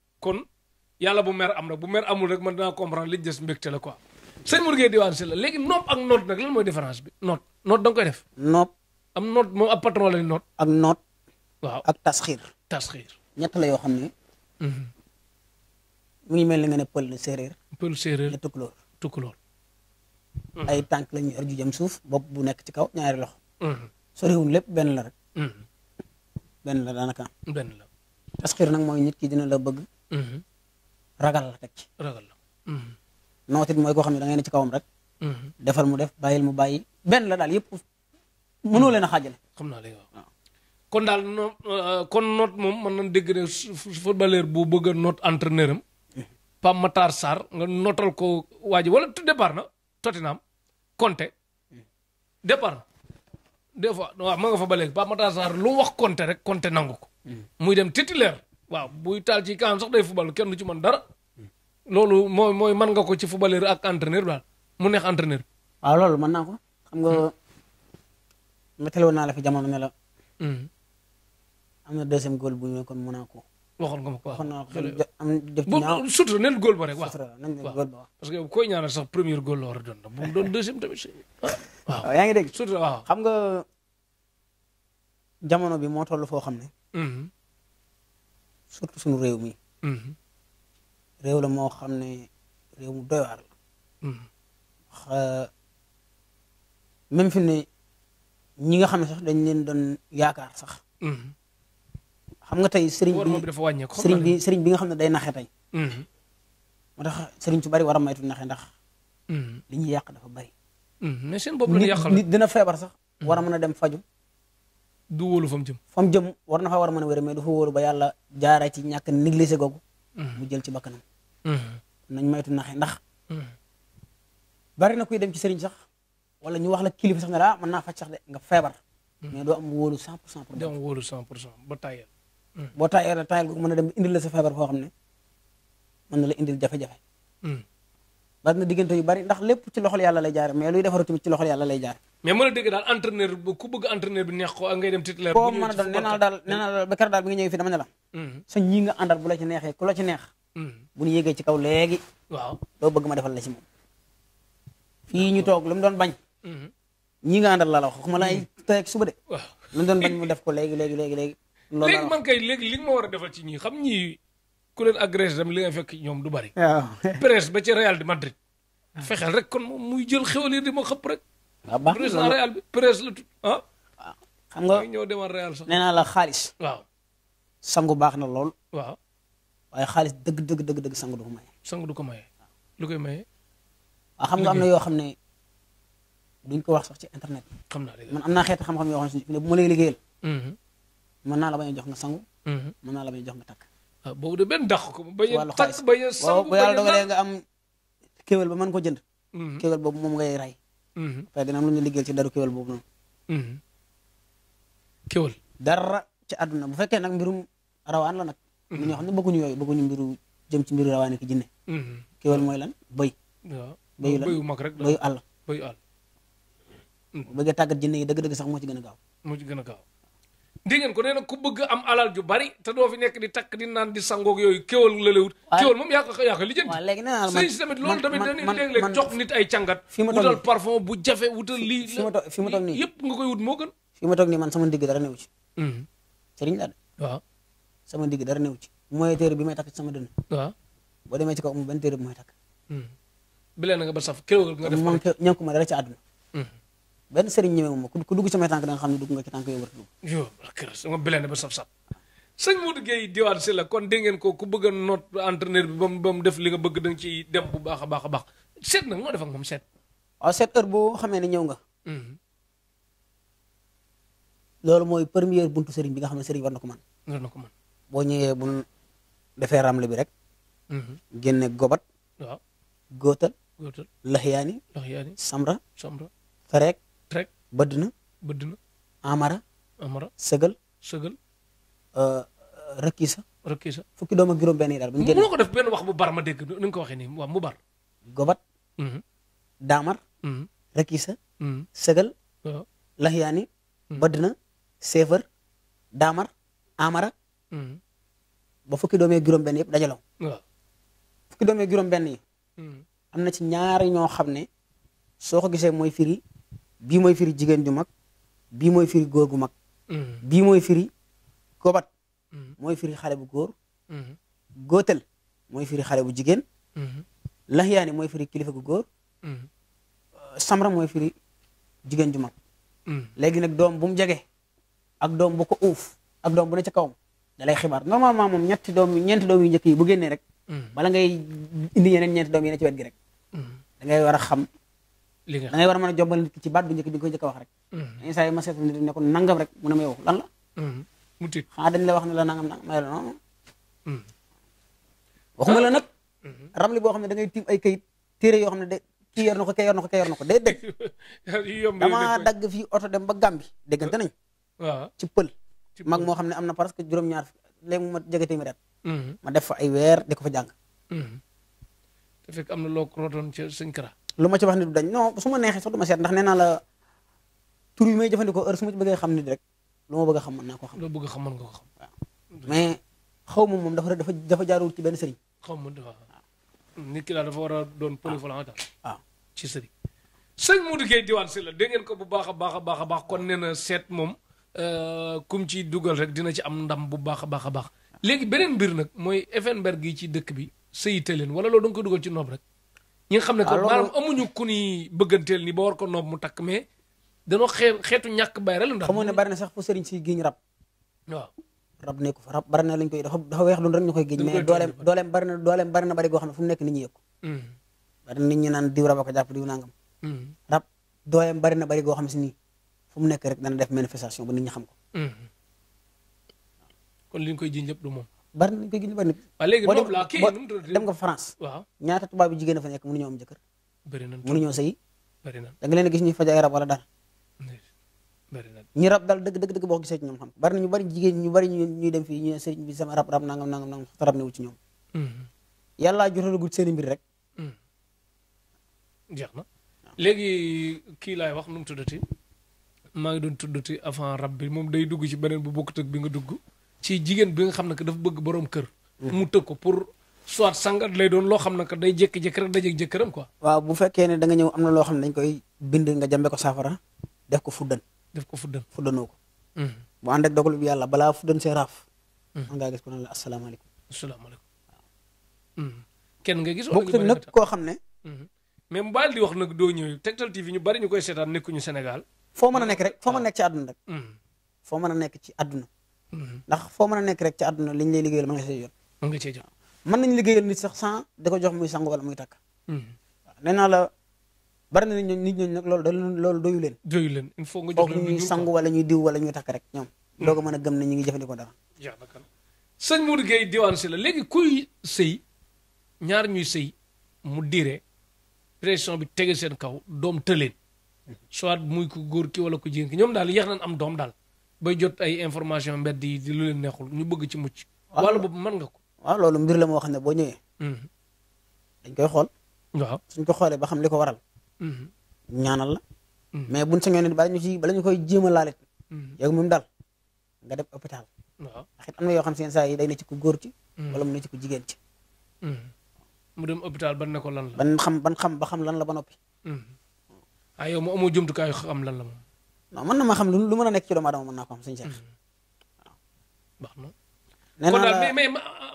yàlla bu mer am rek bu mer amul rek ma dinaa comprendre li des mbégte la quoi sëñ Mour Gueye Diwane Sylla léegi nopp ak noot nag lan mooy différence bi noot noot da nga koy def. noot am noot moom ak noot. waaw ak tasxiir. tasxiir ñett la yoo xam ne. Mhm. mu ngi mel ni nga ne pël séeréer. pël séeréer ne tukkuloor tukkuloor. Mhm. ay tànk la ñuy yor suuf bopp bu nekk ci kaw ñaari loxo. Mhm. soriwul lépp benn la rek. benn la daanaka. benn la tasxiir nag mooy nit ki dina la bëgg. ragal la teg ci. ragal la. Mm-hmm. nootit mooy koo xam ne da ngay ne ci kawam rek. Mm-hmm. defal mu def bàyyil mu bàyyi benn la daal yëpp mënoo leen a xaajale. xam naa léegi waaw kon daal no euh, kon noot moom mën nañ dégg ne footballeur bu bëgg a noot entraîneur am. Mm-hmm. nga nootal ko waa ji wala départ na Tottenham Conte départ na des fois waaw ma nga fa ba léegi Pape Matar Sarr lu wax Conte rek Conte nangu muy dem titulaire. waaw buy taal ci kanam sax day football kenn du ci mën dara. loolu mooy mooy mën nga ko ci footballeur ak entraîneur daal mu neex entraîneur. a loolu man naa ko xam nga météo naa la fi jamono ne la. Hmm. am na deuxième goal bu ñu kon mën naa ko. waxoon nga ma ko waxoon naa ko def ñaaw sutura nañ goal ba rek waaw sutura nañ goal ba waaw parce que koy ñaanal sax premier goal la war a doon bu mu doon tamit waaw yaa ngi dégg sutura waaw xam nga jamono bi moo toll foo xam ne hmm. surtout suñu réew mi hmm. réew la moo xam ne réew mu doy waar la mm-hmm. même fi ne nga xam ne sax dañ leen doon yaakaar sax mm-hmm. xam nga tey sëriñ bi sëriñ bi sëriñ bi nga xam ne day naxe tey mm-hmm. moo tax sëriñ su bari war ma maytu naxe ndax li ñuy yàq dafa bari mais seen bopp la feebar sax war a mën a dem faju du wóolu fam jëm fam jëm war na faa war a mën a wér mais du fa ba yàlla jaara ci ñàkk négligé googu mu jël ci bakkanam Mm-hmm. nañ maytu naxe ndax mm-hmm. bari na kuy dem ci sëriñ sax wala ñu wax la kilifa sax ne la mën naa faj sax de nga feebar mm-hmm. mais doo am wóolu cent pour cent pour doo am wóolu ba tayel boo tayel la tayel googu mën na dem indil sa feebar foo xam ne mën na la indil jafe-jafe bari a dégg daal entraîneur bu ku bëgg entraîneur bi neex ko ngay dem titulaire boo mën a doon nee naa naa la daal ba nga ñëwee fii la ñii nga àndal bu la ci neexee ko la ci neex Mm. bu ñu yéegee ci kaw léegi. waaw bëgg ma defal la ci moom. fii ñu toog lu doon bañ. Mm-hmm. ñi nga àndal la la wax waxuma la ay mm-hmm. suba de. waaw mu doon bañ mu def ko léegi léegi léegi léegi. loolu léegi man kay léegi li ma war a defal ci ñii xam ñii ku leen agressé li nga fekk ñoom du bari. waaw presse ba ci Real de Madrid. Ah. fexel rek kon moom muy jël xéwal yi di ma xëpp rek. waaw ah, baax na Real la ah. xam nga ñoo demal Real sax nee naa la xaalis. waaw sangu baax na lool. waaye xaalis dëgg dëgg dëgg dëgg sang du ko maye. sang du ko maye lu koy maye. waaw xam nga am na yoo xam ne duñ ko wax sax ci internet. xam naa man am naa xeetu xam-xam yoo xam ne bu ma lay liggéeyal. Mm-hmm. mën naa la bañ a jox nga sangu. Mm-hmm. mën naa la bañ a jox nga takk. ah boobu de benn dàq ko. bañ a takk a sangu bu yàlla dogalee nga ba mën ko jënd. Mm-hmm. kéwél boobu moom ngay rey. après dina am ci daru kéwél boobu noonu. kéwél. dara bu fekkee nag mbirum rawaan la mu ñoo xam ne bëgguñu yooyu bëgguñu mbiru jëm ci mbiru rawaane ki jinne mhm. kéwél mooy lan bëy bëyu lan bëyu mag rek bëyu àll bëyu jinne yi dëgg sax moo ci gën a gaaw moo a gaaw ko nee ku bëgg am alal ju bari ta doo nekk di takk di naan di sangoog yooyu kéwél la lewut kéwél moom yaa ko yaa ko lijjanti waaw léegi nee naa sëñ si tamit loolu tamit dañuy léeg-léeg jox nit ay càngat fi ma toog nii yëpp nga koy wut moo gën fi ma toog nii man sama ndigg dara newu ci mhm. sëriñ la de sama digg dara néew ci mooy téere bi may takk ci sama dënn. waaw boo demee ci kaw amul benn téere bu may takk. Hmm. bilee na nga ba saf kéw nga def man ñàkk ma dara ci àdduna. Hmm. benn sëriñ ñëwee ma ku dugg samay tànk da nga xam ne dugg nga ci tànk yow war a dugg. yow kër sama bilee na ba saf saf. sëñ Modou Gueye Diwane Sylla kon dégg ngeen ko ku bëgg a noot entraîneur bi ba mu ba mu def li nga bëgg da nga ciy dem bu baax a baax a baax seet nag moo def ak moom seet. waaw seet heure boo xamee ne ñëw nga. Hmm. loolu mooy première buntu sëriñ bi nga xam ne sëriñ war na ko mën. war na ko mën. boo ñëwee bu defee ramle bi rek. Mm-hmm. génne gobat. waaw góotal. góotal laxiyaani. laxiyaani samra. samra ferek. ferek amara. amara sëgal. sëgal. Euh, euh, fukki doom ak juróom-benn yi daal wax bu bar ma dégg ni nga ko waxee nii mm-hmm. Mm-hmm. waaw mu bar. gobat. daamar. rëkkiisa. sëgal. laxiyaani. bëddna seefar daamar amara. ba fukki doom yeeg juróom-benn yëpp dajaloo. waaw fukki doom yeeg juróom hmm. am na ci ñaari ñoo xam ne soo ko gisee mooy firi bii mooy firi jigéen ju mag bii mooy firi góor gu mag. Hmm. bii mooy firi gobat. Hmm. mooy firi xale bu góor. góotal mooy firi xale bu jigéen. laxiyaani mooy firi kilifa gu góor. samra mooy firi jigéen ju mag. léegi nag doom bu jege ak doom bu ko uuf ak doom bu ne ci kawam. da lay xibaar normalement moom ñetti doom ñeenti doom yu njëkk yi bu génnee rek. Mm. bala ngay indi doom yi ne ci wet rek. Mm. da ngay war a xam. li nga da ngay war a mën a jombal nit ki ci baat bu njëkk bi nga koy njëkk a wax rek. dañuy mm. saa yi ma seetlu nit ne ko nangam rek mu ne ma yow lan la. mu tiit xanaa dañ la mm-hmm. da ngay tiim ay kayit téere yoo xam ne de kii yor na ko kii yor na ko kii yor na ko day dégg. dama dagg fii oto dem ba Gàmbi déggante ci pël. mag moo xam ne am na parce que juróom-ñaar léegi mu ma jege a at mhm. ma def fa ay weer di ko fa jàng. Mhm. te fekk am na loo ko rootoon ci sëñ Kara. lu ma ci wax ni du dañ non ma neexee sax du ma seet ndax nee la tur may jëfandikoo heure su ci bëggee xam nit rek lu ma bëgg a xam mën naa ko xam. loo a xaw ma moom dafa dafa dafa ci benn sëriñ. xaw ma dafa nit ki daal dafa war a doon polyvalent waaw ci sëriñ. sëñ Modou Gueye Diwane Sylla dégg ngeen ko bu baax a baax a baax a baax kon nee seet moom. Euh, kum ci dugal rek dina ci am ndam bu baax a baax a baax léegi beneen mbir nag mooy Effenberg yi ci dëkk bi sëyite leen wala loolu da nga ko dugal ci noob rek ñi nga xam ne que maanaam amuñu ku ni bëgganteel ni ba war ko noob mu takk mais danoo xee xeetu ñàkk bay la ndax xamoo ne bari na sax pour sëriñ si giñ rab waaw rab nekku fa rab bari na lañ koy dafa dafa weex dun rek ñu koy giñ mais doole dooleem bari na dooleem bari na bari goo xam ne fu nekk nit ñi yëg hmm. bari na nit naan diw rab a ko jàpp diw nangam hmm. rab dooleem bari na bari goo xam si nii fu mu nekk rek dana def manifestation ba nit ko. Hmm. kon li koy ji lépp du moom. bari nañu koy jiñ bari na. waaw léegi moom laa kii dem nga France. waaw ñaata tubaab bi jigéen a fa nekk mënuñoo am jëkkër. bëri na mënuñoo sëy. bëri na da leen gis ñuy faj ay rab wala dara. bëri na ñi rab daal dëgg dëgg dëgg boo ko gisee ci ñoom xam bari na ñu bari jigéen ñu bari ñuy dem fii ñu ne sëriñ bi sama rab rab nangam nangam nangam rab newu ci ñoom. Hmm. yàlla jotalagul seen mbir rek. Hmm. jeex na léegi kii laay maa ngi doon tudd tuddati avant rab bi moom day dugg ci beneen bu bokkut ak bi nga dugg ci jigéen bi nga xam ne que dafa bëgg borom kër mm-hmm. mu tëg ko pour soit sangat lay doon loo xam ne day jékki-jékki rek dajeeg jëkkëram quoi waaw bu fekkee ne da am na loo xam ne dañ koy bind nga jambe ko saafara def ko fuddan def ko fuddan fuddanoo ko mm-hmm. bu ànd ak yàlla balaa fuddan see mm-hmm. ngaa gis ko asalaamaaleykum asalaamaaleykum kenn nga gis bokkut nag koo xam ne mais mbaal baal di wax nag doo ñëw Tektal TV ñu bari ñu koy seetaan ñu Sénégal Mm. foo mën a nekk rek foo a nekk ci àdduna rek mën a ci àdduna ndax foo mën a nekk rek ci àdduna liñ lay liggéeyal mën nga see jot mën nga see jot mën nit sax sans da jox muy sangu wala muy takk mm. waaw nee naa la bari na nit ñooñu nit ñooñu nag loolu da loolu doyu leen doyu leen il faut nga jox leen ñuy wala ñuy diw wala ñu takk rek ñoom mm. doo ko mën a gëm ne ñu ngi jëfandikoo dara sëñ Modou Gueye diwaan si la léegi kuy sëy ñaar ñuy sëy mu diire pression bi tege seen kaw doom tëleen soit muy ko góor ki wala ko jigéen ki ñoom daal yéex am doom daal bay jot ay information mbedd yi di lu leen neexul ñu bëgg ci mucc. Ah. wala boobu man nga ko. waaw ah, loolu mbir la moo xam ne boo ñëwee. Hmm. dañ koy xool. waaw suñ ko xoolee ba xam li ko waral. Hmm. ñaanal la. Hmm. mais bu sañoon it ba ñu ci bala ñu koy jéem a laalit. yow moom daal nga dem hôpital. waaw am na yoo xam seen saa yi day ne ci ku góor ci. wala mu ne ci ku jigéen ci. mu dem hôpital ko la. ban xam xam ba xam lan la ba noppi. waaye ah, yow moo amoo jumtukaay lan la moom. non na ma xam lu lu ma a nekk ci doomu aadama mën naa ko am suñu seex. Mm-hmm. baax na. nee naa la mais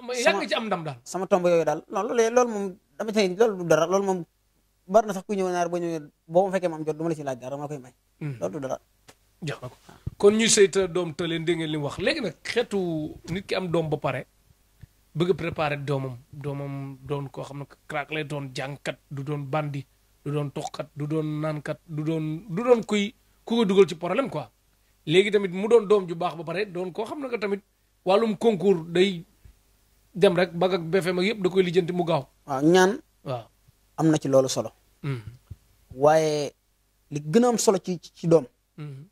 mais yàgg nga am ndam daal. sama tomb yooyu daal non loolu loolu moom dama cay loolu du dara na sax ku ñëw naar ba ñëwee boo ma fekkee ma am jot du ma la ci laaj dara ma koy may. Mm-hmm. loolu du dara. jox na kon ñu sayta doom te leen dégg ngeen li wax léegi nag xeetu nit ki am doom ba pare bëgg a doomam doomam doon koo xam ne crack lay doon jànkat du doon bandi du doon tuxkat du doon naankat du doon du doon kuy ku ko dugal ci problème quoi léegi tamit mu doon doom ju baax ba pare doon koo xam ne que tamit wàllum concours day dem rek bag ak ma ak yëpp da koy lijjanti mu gaaw. a ñaan. waaw am na ci loolu solo. Hmm. waaye li gën a am solo ci ci doom. Hmm.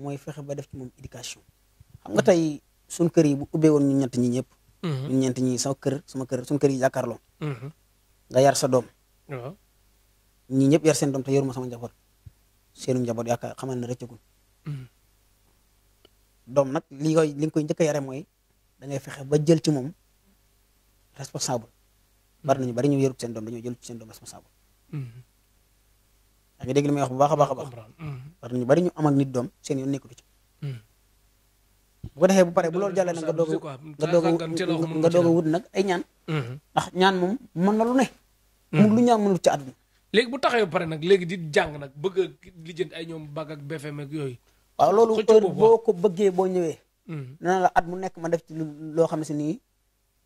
mooy fexe ba def ci moom éducation. xam nga tey suñu kër yi bu ubbee woon ñu ñett ñi ñëpp. Hmm. ñun ñeent ñi sama kër sama kër suñu kër yi nga yar sa doom. ñi ñëpp yar seen doom te yoruma sama njaboot seenum njaboot yaakaar xamal na rëccagul. Hmm. doom nag li koy li nga koy njëkk a yare mooy da ngay fexe ba jël ci responsable. Hmm. bari nañu ñu yorut seen doom dañoo jël ci seen da hmm. nga dégg li may wax bu baax a a baax. bari nañu bari ñu am ak nit doom seen yoon nekkatu ci. bu ko defee bu pare bu loolu jàllee nag nga doog nga doog nga doog a wut nag ay ñaan. ñaan moom mën na lu ne. mu lu ñaan mënut ci àdduna. léegi bu taxawee ba pare nag léegi di jàng nag bëgg a lijjanti ay ñoom bag ak BFM ak yooyu. waaw loolu heure boo ko bëggee boo ñëwee. Hmm. dana la at mu nekk ma def ci loo xam si nii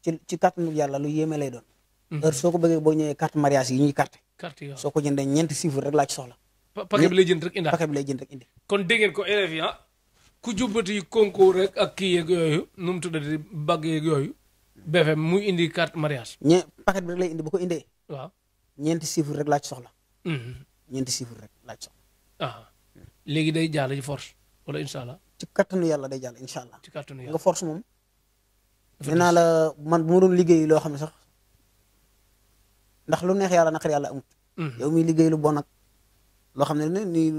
ci ci kàttanu yàlla lu yéeme lay doon. Hmm. heure soo ko bëggee boo ñëwee carte mariage yi ñuy carte. carte yi waaw soo ko jëndee ñeenti chiffres rek laa ci soxla. paquet bi lay jënd rek indi lay indi. kon dégg ko élèves yi ah, ku jubbati concours rek ak kii yeeg yooyu nu mu tuddati bag yeeg yooyu BFM muy indi carte mariage. ñe lay indi bu ko indee. waaw ñeenti chiffre rek laaj soxla. Mhm. ñeenti chiffre rek laaj soxla. ah léegi day jàll ci force wala incha allah. ci kattanu yàlla day jàll incha allah. ci kattanu nga force moom. nee naa la man bu ma liggéey loo xam ne sax ndax lu neex yàlla naqar yàlla amut. Mhm. yow miy liggéey lu bon nag loo xam ne nii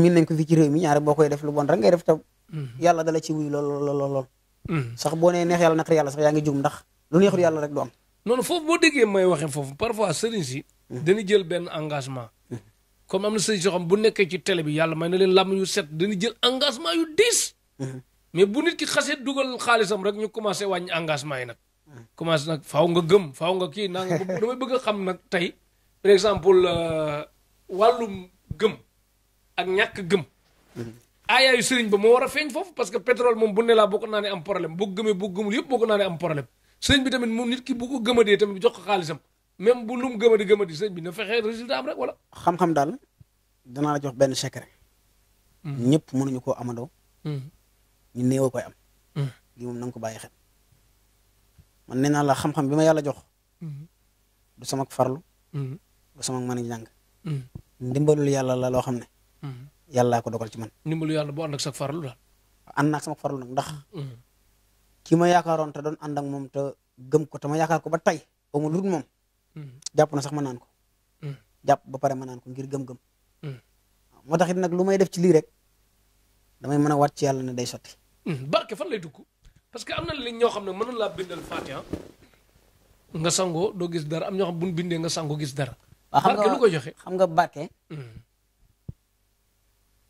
miin nañ ko fi ci réew mi ñaar boo koy def lu bon rek ngay def te. Mhm. yàlla dala ci wuy lool lool sax boo nee neex yàlla naqar yàlla sax yaa ngi jum ndax lu neexul yàlla rek du am. noonu foofu boo déggee may waxee foofu parfois sëriñ si. dañu jël benn engagement. comme am na sëriñ soo xam bu nekkee ci télé bi yàlla may na leen làmm yu set dañu jël engagement yu diis. mais bu nit ki xasee dugal xaalisam rek ñu commencé wàññi engagement yi nag. commencé nag faw nga gëm faw nga kii naa nga damay bëgg a xam nag tey par exemple euh, wàllum gëm ak ñàkk gëm. aayaayu sëriñ ba moo war a feeñ foofu parce que pétrole moom bu laa bokk naa am problème boo yëpp bokk naa ne am sëñ bi tamit moom nit ki bu ko gëmadee tamit jox ko xaalisam même bu lum gëmadi gëmadi sëñ bi na fexee résultat am rek wala. xam-xam daal danaa la jox benn secret. Hmm. ñëpp mënuñu koo amandoo. Hmm. ñu néew koy am. Hmm. lii moom na ko bàyyi xel. man nee naa la xam-xam bi ma yàlla jox. du sama farlu. du sama mën a ndimbalul yàlla la loo xam ne. yàlla ko dogal ci man. ndimbalu yàlla boo ànd sa farlu daal. ànd naa ak farlu nag ndax. ki ma yaakaaroon te doon ànd ak moom te gëm ko te ma yaakaar ko ba tey ba lut moom. Mm. jàpp na sax ma naan ko. Mm. jàpp ba pare ma naan ko ngir gëm-gëm. Mm. moo tax it nag lu may def ci lii rek damay mën a waat ci yàlla ne day sotti. barke fan lay dugg parce que am na li ñoo xam ne mënoon laa bindal Fatiha nga sangoo doo gis dara am ñoo xam bu bindee nga sangoo gis dara. barke lu ko joxe xam nga barke.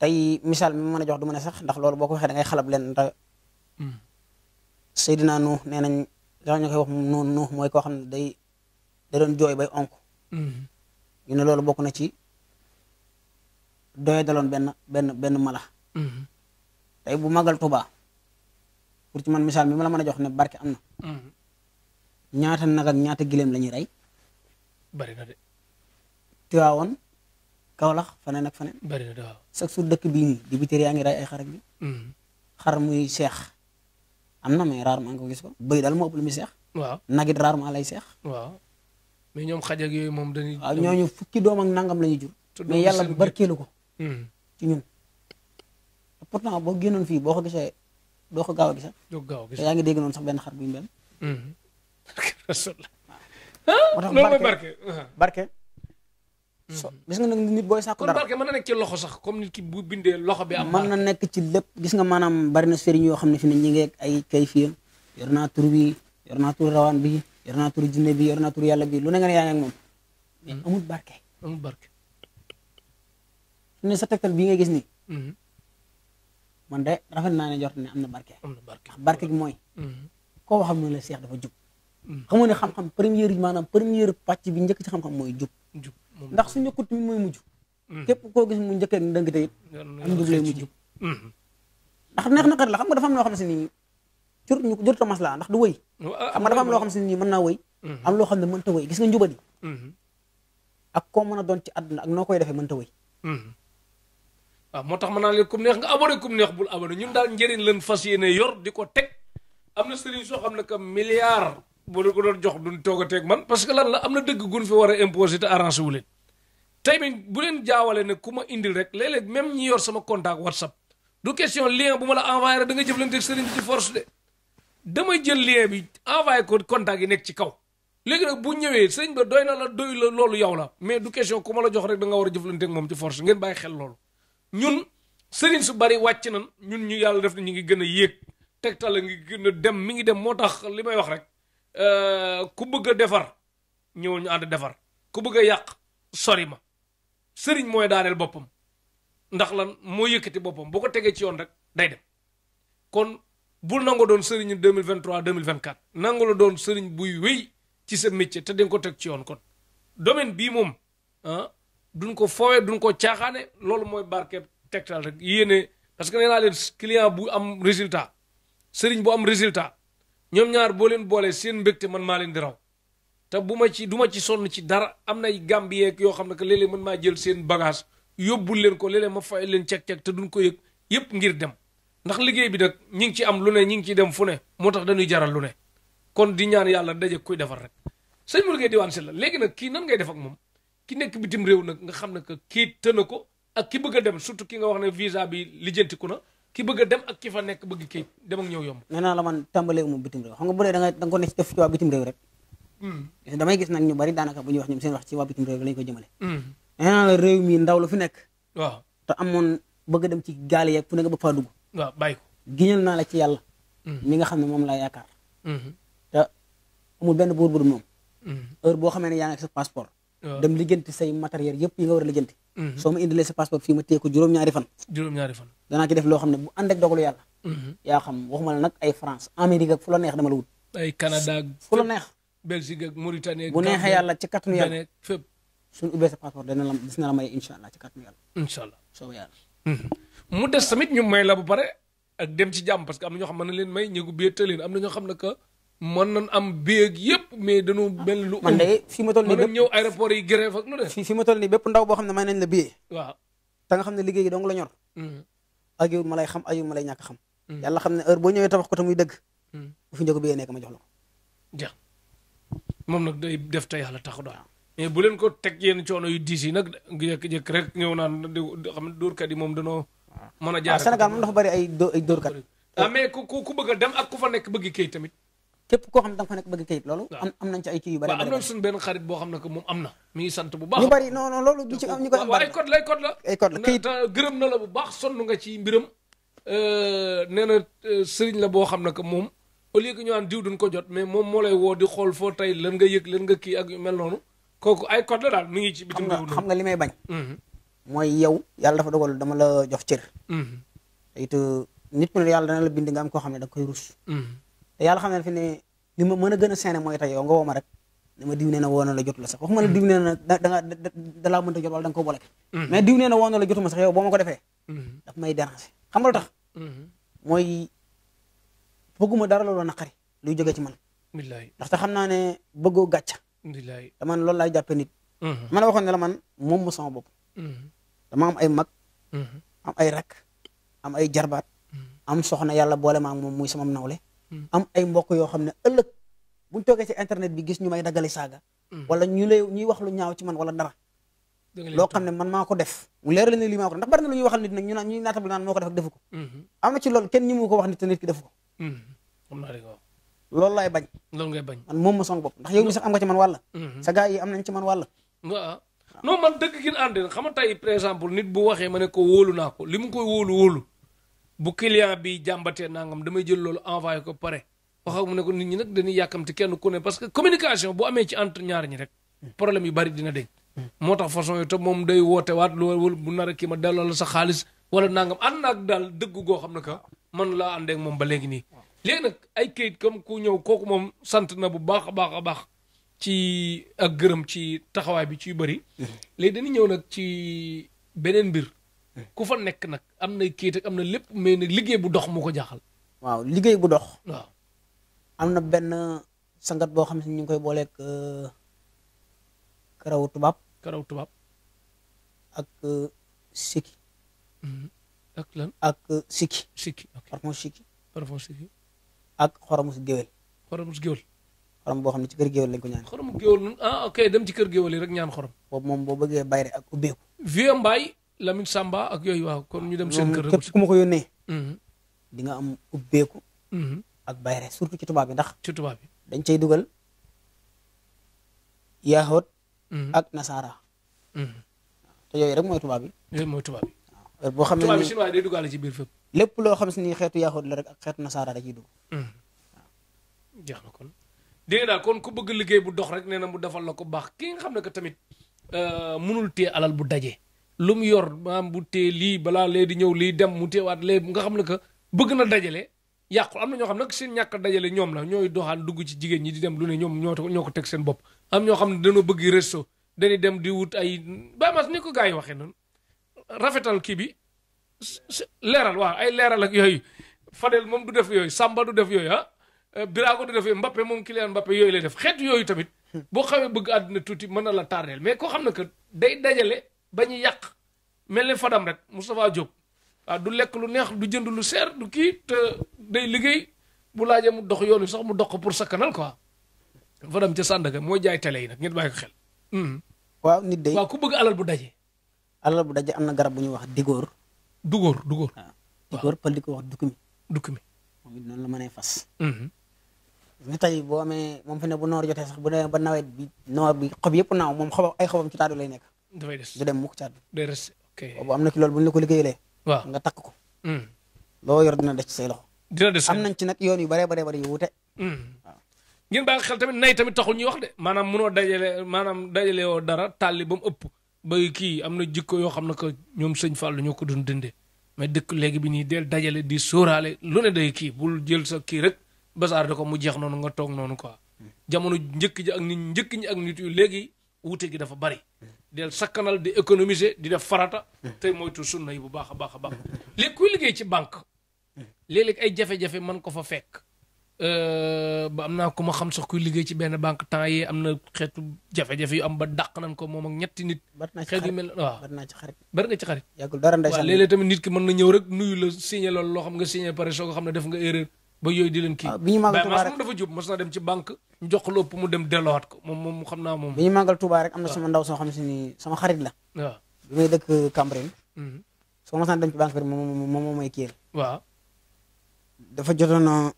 tey misaal mi ma mën a jox du ma ne sax ndax loolu book ko waxee da ngay xalab Seydina Nuux nee nañ da ñu koy wax Nuux Nuux mooy koo xam ne day da doon jooy bay onk mm-hmm. ñu ne loolu bokk na ci doye daloon benn benn benn mala mm-hmm. tey bu magal Tuubaa pour ci man misaal mi ma la mën a jox ne barke am na mm-hmm. ñaata nag ak ñaata gileem la ñuy rey na de Tiwaawoon Kawlax faneen ak faneen bari na de waaw dëkk bii di bi yaa rey ay xar muy seex am na mais rarement nga gis ko bëy daal moo ëpp lu muy seex. waaw nag it lay seex. waaw mais ñoom xaj ak yooyu moom dañuy. waaw ñooñu fukki doom ak la ñuy jur. mais yàlla barkeelu ko. Hmm. ci ñun. pourtant boo génnoon fii boo ko gisee doo ko gaaw a gisee. Ah. a gisee te yaa ngi dégg noonu sax benn xar bu ñu mel. Hmm. loolu mooy barke barke. Uh-huh. so gis nga nag nit booy sàkku dara kon na nekk ci loxo sax comme nit ki bu bindee loxo bi. am mën na nekk ci lépp gis nga maanaam bari na sëriñ yoo xam ne fi ne ñi ngeeg ay kayfiya yor naa tur bi yor naa tur rawaan bi yor naa tur jinne bi yor na tur yàlla bi lu ne nga ne yaa ngi ak moom. mais hmm. amul barke. amul barke. ne sa tegtal bii nga gis nii. Hmm. man de rafet naa ne jort ne am na barke. am na barke ndax mooy. Hmm. koo waxam ne la seex dafa jub. xam nga ne xam-xam première maanaam première pàcc bi njëkk ci xam-xam mooy jub. ndax su njëkkut mi mooy mujj hmm. képp koo gis mu njëkkee dëng te it am njëg lay ndax neex na xarit la xam nga dafa am loo xam ne si nii jur jur tamas ndax du wëy ah, xam nga am loo xam ne si nii mën naa wëy hmm. am loo xam ne mënta wëy gis nga njubadi hmm. ak koo mën a doon ci àdduna ak noo koy man mënta wëy waaw moo tax mën naa leen kum neex nga abonné kum neex bul abonné ñun daal njëriñ leen fas yéene yor di ko teg am na sëriñ soo xam ne que milliard bu ñu ko doon jox duñ toog teeg man que lan la am na dëgg gun fi war a imposer te tey bi bu leen jaawale ne ku ma indil rek léeg même ñi yor sama contact whatsapp du question lien bu ma la envoyé rek da nga force de damay jël lien bi envoyé ko contact yi nekk ci kaw léegi nag ñëwee sëriñ ba doy na la doy la loolu yow la mais du question ku ma la jox rek da nga war a jëflante ak moom ci force ngeen bàyyi xel loolu ñun sëriñ su bari wàcc nan ñun ñu yàlla def na ñu ngi gën a yéeg tegtal la ngi gën a dem mi ngi dem moo tax li may wax rek Euh, ku bëgg a defar ñëwul ñu ànd defar ku bëgg a yàq sori ma sëriñ mooy daaneel boppam ndax lan moo yëkkati boppam bu ko tegee ci yoon rek day dem kon bul nango doon sëriñu 2023 2024 nangu la doon sëriñ bu wéy ci sa métier te di ko teg ci yoon kon domaine bii moom ah duñ ko foowee duñ ko caaxaane loolu mooy teg tegtal rek yéene parce que nee naa leen client bu am résultat sëriñ bu am résultat ñoom ñaar boo leen boolee seen mbégte man maa leen di raw te bu ma ci duma ci sonn ci dara am nay gàmb yeeg yoo xam ne que léeg-léeg man maa jël seen bagage yóbbul leen ko léeg-léeg ma fay leen ceg-ceg te duñ ko yëg yëpp ngir dem ndax liggéey bi nag ñi ngi ci am lu ne ñi ngi ciy dem fu ne moo tax dañuy jaral lu ne kon di ñaan yàlla daje koy defar rek sëñ Modou Gueye Diwane Sylla léegi nag kii nan ngay def ak moom ki nekk bitim réew nag nga xam ne que kii tëna ko ak ki a dem surtout ki nga wax ne visa bi lijjantiku na ki bëgg dem ak ki fa nekk bëgg ki dem ak ñëw yomb. nee naa la man tàmbalee mu bitim réew xam nga bu dee da nga da nga ko nekk ci waa bitim réew rek. Hmm. damay gis nag ñu bari daanaka bu ñuy wax ñoom seen wax ci waa bitim réew lañu ko jëmale. Hmm. nee la réew mi ndaw la fi nekk. waaw te bëgg dem ci gaal yeeg fu nekk ba faa dugg. waaw bàyyi ko giñal naa la ci yàlla. Hmm. mi nga xam ne moom la yaakaar. te amul benn buur bu dul moom. heure boo xamee ne yaa ngi sa passeport. dem lijjanti say matériel yëpp war a Mhm. soo ma indilee sa passeport fii ma téye ko juróom-ñaari fan juróom-ñaari fan danaa ci def loo xam ne bu ànd ak dogalu yàlla mhm. yaa xam waxuma nag ay France Amérique fu la neex dama wut ay Canada fu la neex Belgique ak Mauritanie bu neexee yàlla ci yàlla fépp suñu ubbee sa passeport dana na la may incha allah ci kattanu yàlla yàlla mhm. mu des tamit ñu may la bu pare ak dem ci jàmm parce que am na ñoo xam ne leen may ñu gubbee te leen am na ñoo xam ne mën nañ am béeg yëpp mais dañu mel lu. man de fii ma toll nii ñëw aéroport yi grève ak lu def. nii bépp ndaw boo xam ne may nañ la béyee. waaw te nga xam ne liggéey yi la ñor. Mm-hmm. ayu ma lay xam ayu ma lay ñàkk xam. Mm-hmm. yàlla xam ne heure boo ñëwee tabax ko te muy dëgg. Mm-hmm. bu nekk ma jox la ja moom nag day def te yàlla taxu daal. mais bu leen ko teg yenn coono yu diis yi nag jékki-jékki rek ñëw naan xam ne yi moom danoo. mën a jaar Sénégal moom dafa bari ay dóorkat. Ah, mais ku ku bëgg a dem ak ku fa nekk bëgg kay tamit képp koo xam ne da nga fa nekk bëgg kayit loolu am am nañ ci ay kii bu baax ñu na na euh, euh, sëriñ la boo xam ne que moom au lieu que ñu ko jot mais moom moo lay woo di xool foo tey lan nga yëg lan nga kii ak yu mel noonu kooku ay code la daal mi ngi ci bitim réew xam nga li may bañ mhm. mooy yow yàlla dafa dogal dama la jox cër it mhm. nit ku ne yàlla dana la bind nga am koo xam ne da koy rus mhm. te yàlla xam ne fi ne li ma mën a gën a seene mooy tey yow nga woo ma rek ne ma diw nee na woo na la jotu la sax waxuma la diw nee na da nga da laa mënta jot wala da nga ko boole mm-hmm. mais diw nee na woo na ma ko defee mm-hmm. daf may déranger xam nga lu tax mm-hmm. mooy bëgguma dara loolu naqari luy jóge ci man ndax te xam naa ne bëggoo gàcca te man loolu laay jàppe nit man waxoon ne la man moom mu sama bopp dama am ay mag am ay rak am ay jarbaat am soxna yàlla boole ma ak moom muy sama nawle Hmm. am ay mbokk yoo xam ne ëllëg buñ toogee ci internet bi gis ñu may daggale saaga hmm. wala ñu lay ñuy wax lu ñaaw ci man wala dara loo xam ne man maa ko def mu leer la ne lii def ndax bari na lu ñuy waxal nit nag ñu naan ñuy naatabli naan moo ko def ak defu ko hmm. am na ci loolu kenn ñi mu ko bañ man moom ma song bopp ndax yow mi sax am nga ci man wàlla sa gars yi am nañ ci man wàlla waaw dëgg gi ànd xam nga par exemple nit bu waxee ma ne ko wóolu naa ko li mu koy wóolu wóolu bu client bi jàmbatee nangam damay jël loolu envoyé ko pare wax ak ne ko nit ñi nag dañuy yàkkamti kenn ku ne parce que communication bu amee ci entre ñaar ñi rek problème yu bari dina deñ moo tax façon yu te moom day woote waat loolu bu nar a kii ma delloo la sa xaalis wala nangam ànd ak daal dëgg goo xam ne que man laa àndeek moom ba léegi nii léegi nag ay kayit comme ku ñëw kooku moom sant na bu baax a baax a baax ci ak gërëm ci taxawaay bi ci yu bëri léegi ñëw nag ci beneen mbir ku fa nekk nag am na kayit ak am na lépp mais nag liggéey bu dox moo ko jaaxal. waaw liggéey bu dox. am na benn sangat boo xam ne ñu ngi koy booleeg euh, karaw tubaab. karaw tubaab. ak euh, siki. Mhm. ak lan ak euh, siki. siki ok parfum siki. parfum siki. ak xoromu géwél. xoromu géwél. xorom boo xam ne ci kër géwél lañ ko ñaan. xoromu géwél ah ok dem ci kër géwél yi rek ñaan xorom. moom boo bëggee bayre ak ubbeeku. vieux mbaay Lamine Samba ak yooyu waaw kon ñu dem seen kër. képp ku ma ko yónnee. Mm-hmm. di nga am ubbeeku. Mm-hmm. ak bayre surtout ci tubaab bi ndax. ci tubaab dañ cay dugal yahood. Mm-hmm. ak nasaara. te yooyu rek mooy tubaab bi. boo xam ne tubaab bi ci biir lépp loo xam si ni xeetu yahood la rek ak xeetu nasaara da ciy dugg. jeex na kon dégg daal kon ku bëgg liggéey bu dox rek nee na mu defal la ko baax ki xam ne ka tamit euh, mënul téye alal bu daje. lu mu yor maam bu tee lii balaa lee di ñëw lii dem mu teewaat lee nga xam ne que bëgg na dajale yàqu am na ñoo xam nag seen ñàkk dajale ñoom la ñooy doxaan dugg ci jigéen ñi di dem lu ne ñoom ñoo ñoo ko teg seen bopp am ñoo xam ne dañoo bëgg resto dañuy dem di wut ay bamas ni ko gars yi waxee noonu rafetal kii bi leeral waaw ay leeral ak yooyu Fadel moom du def yooyu Samba du def yooyu ah euh, Birago du def yooyu Mbappé moom Kylian Mbappé yooyu lay def xeetu yooyu tamit boo xawee bëgg àdduna tuuti mën na la tardeel mais koo xam ne que day dajale ba ñu yàq mel ni Fadam rek Moustapha Diop waaw du lekk lu neex du jënd lu seer du kii te day liggéey bu laajee mu dox yoon wi sax mu dox ko pour sakkanal quoi Fadam ca Sandaga mooy jaay télé yi nag ngeen bàyyi ko xel. Hmm. waaw nit day waaw ku bëgg alal bu daje. alal bu daje am na garab bu ñuy wax digóor. dugóor dugóor. Ah. waaw digóor pël di ko wax dukk mi. dukk mi moom it noonu la mënee fas. ñu hmm. tey boo amee moom fi ne bu noor jotee sax bu demee ba nawet bi noor bi xob yëpp naaw moom xob ay xobam ci taatu lay nekk. dafay des dem mukk ci àdduna. day des ok boobu am na ci loolu bu ñu la ko liggéeyalee. waaw nga takk ko. Hmm. loo yor dina des ci say loxo. dina des am nañ ci nag yoon yu bare bare bare yu wuute. Hmm. waaw ngeen bàyyi xel tamit nay tamit taxul ñuy wax de. maanaam munoo dajale maanaam dajale woo dara tàlli ba mu ëpp ba kii am na jikko yoo xam ne que ñoom sëñ Fallou ñoo ko doon dëndee mais dëkk léegi bi ñuy del dajale di sóoraale lu ne day kii bul jël sa kii rek basaar da ko mu jeex noonu nga toog noonu quoi. Hmm. jamono njëkk ji ak nit njëkk ñi ak nit yu léegi wuute gi dafa bari del sakkanal di économiser di def farata tey moytu sunna yi bu baax a baax a baax léegi kuy liggéey ci banque léeg ay jafe-jafe ko fa fekk euh, ba am naa ku ma xam sax kuy ci benn banque temps yi am na xeetu jafe-jafe yu am ba dàq nañ ko moom ak ñetti nit xeet yu mel waaw bari naa ci xarit bari nga ci xarit yàggul dara ndeysaan tamit nit ki mën na ñëw rek nuyu la signé loolu loo xam nga signé pare soo ko xam ne def nga erreur ba yooyu di leen kii. Ah, bi ñu màggal Touba rek dafa jub mos na dem ci banque. ñu jox ko lépp mu dem delloowaat ko moom moom xam naa moom. bi ñu màggal Touba rek am na ah. sama ndaw soo xam si ni sama xarit la. waaw ah. bi may dëkk Cambérène. Mhm. soo mos na dem ci banque bi moom moom mooy kii waaw dafa jotoon a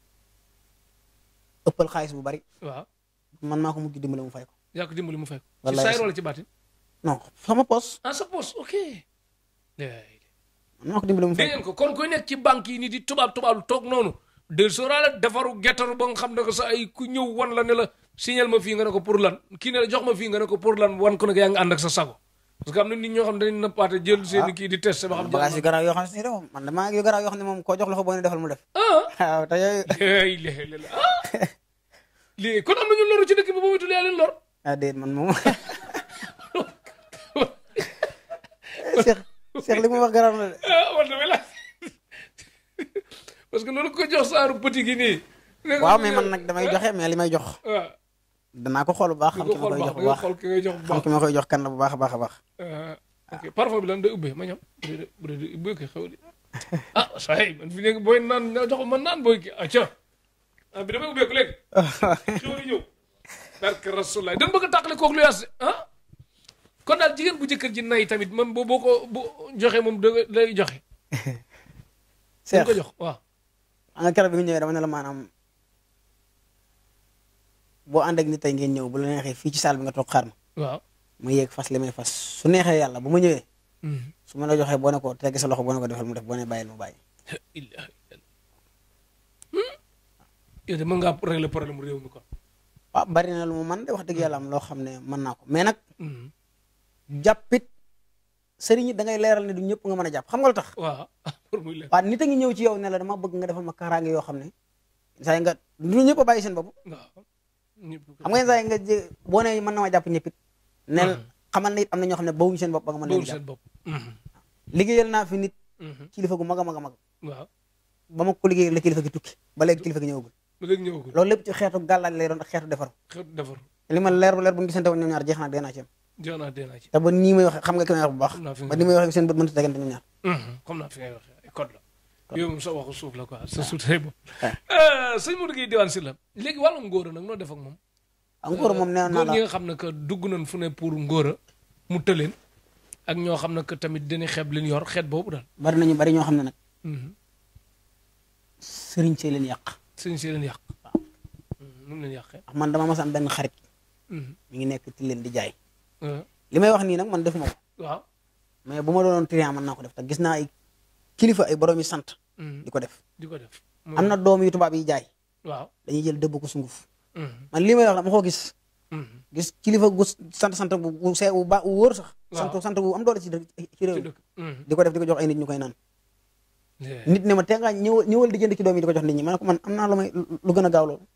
ëppal xaalis bu bari. waaw man maa ko mujj dimbali mu fay ko. yaa ko dimbali mu fay ko. wallaay ci saayir wala ci baatin. non sama poos. ah sa poos ok. man maa ko dimbali mu fay ko. dégg ngeen ko kon koy nekk ci banque yi nii di tubaab tubaab toog noonu de sóoraale defaru gettaru ba nga xam ne que sa ay ku ñëw wan la ne la signal ma fii nga ne ko pour lan kii ne la jox ma fii nga ne ko pour lan wan ko ne yaa ngi ànd ak sa sago parce que am na nit ñoo xam ne dañu nappaate jël ah. seen kii di test ba xam bagage yu garaaw yoo xam ne moom man dama yu garaaw yoo xam ne moom koo jox loxo boo ne defal mu def ah. waaw te yooyu léegi ah. léegi kon am na ñu loru ci dëkk bi ba muy tudd yaa leen lor ah déet man moom Cheikh Cheikh li mu wax garaaw na de parce que loolu ko jox saaru petit gi nii. waaw mais man nag damay ah. joxe mais li may jox. waaw ah. danaa ko xool bu baax. xam ki ma koy jox baax xool ki ngay jox jox kan la bu baax a baax a baax. Ah. ok parfum bi lan day ubbee ma ñam bu dee bu dee xew di ah saay man fi léegi booy naan booy kii acca ah bi damay ubbeeku léegi. xew di ñëw. barke rasulaay dañ bëgg a tàqale lu yaas ah. kon daal jigéen bu jëkkër ji nay tamit man boo boo ko bu joxe moom da lay joxe. seex jox en keroog bi ñu ñëwee dama ne la maanaam boo ànd ak nit tey ngeen ñëw bu la neexee fii ci saal bi nga toog xaar ma. waaw ma fas li may fas su neexee yàlla bu ma ñëwee. Mm-hmm. su ma la joxee boo ne ko tegge sa loxo boo ne ko defal mu def boo ne bàyyil mu bàyyi. yow de mën ngaa régler problème mu réew mi quoi. waaw ah, bari na lu mu man de wax dëgg yàlla am loo xam ne man naa ko mais nag. Mm-hmm. jàppit sëriñ it da ngay leeral ne du ñëpp nga mën a jàpp xam nga lu tax. waaw waaw nit a ngi ñëw ci yow ne la dama bëgg nga defal ma kaaraange yoo xam ne saa nga du ñëpp a bàyyi seen bopp. xam nga saa nga jé boo na jàpp ñëpp na mm-hmm. it am na ñoo xam ne bawuñu seen bopp ba nga mën leen jàpp. Mm-hmm. liggéeyal naa fi nit. Mm-hmm. kilifa gu mag a mag a mag. waaw ba ma ko liggéeyal la kilifa tukki ba léegi kilifa gi ñëwagul. ba léegi ñëwagul loolu lépp ci xeetu gàllaaj lay doon ak xeetu defaru. xeetu defaru li ma leer bu leer bu ñu gisante woon ñoom ñaar jeex na te ba nii may waxee xam nga ki may bu baax. ba nii a tegante ñu ñaar. Mm-hmm. comme naa fi ngay waxee ay code la. la quoi sa ah. suuf say bopp. Ah. Eh, sëñ Modou léegi wàllum ngóora nag noo def moom. ah ngóora moom nee xam ne que dugg nañ fu ne pour ngóora mu leen ak ñoo xam ne que tamit dañuy xeeb leen yor xeet boobu daal. bari nañu bari ñoo xam ne nag. Mm-hmm. sëriñ see leen yàq. sëriñ see leen yàq. waaw nu mu leen man dama mas am benn xarit. Mm-hmm. mi ngi nekk ci leen di jaay. li may wax nii nag man defuma ko. waaw mais bu ma doonoon triant mën naa ko def te gis naa ay ay borom yi sant. Mm-hmm. di ko def di ko def. am na doom yu tubaab yi jaay. waaw dañuy jël dëbb ko sunguf mm-hmm. man lii may wax la ma ko gis. Mm-hmm. gis kilifa gu sant sant bu bu see bu ba wóor sax. sant sant bu am doole ci ci réew di ko def di ko jox ay nit ñu koy naan. nit ne ma tey ñëwal di jënd ci doom di ko jox nit ñi man am naa lu lu gën a gaaw loolu.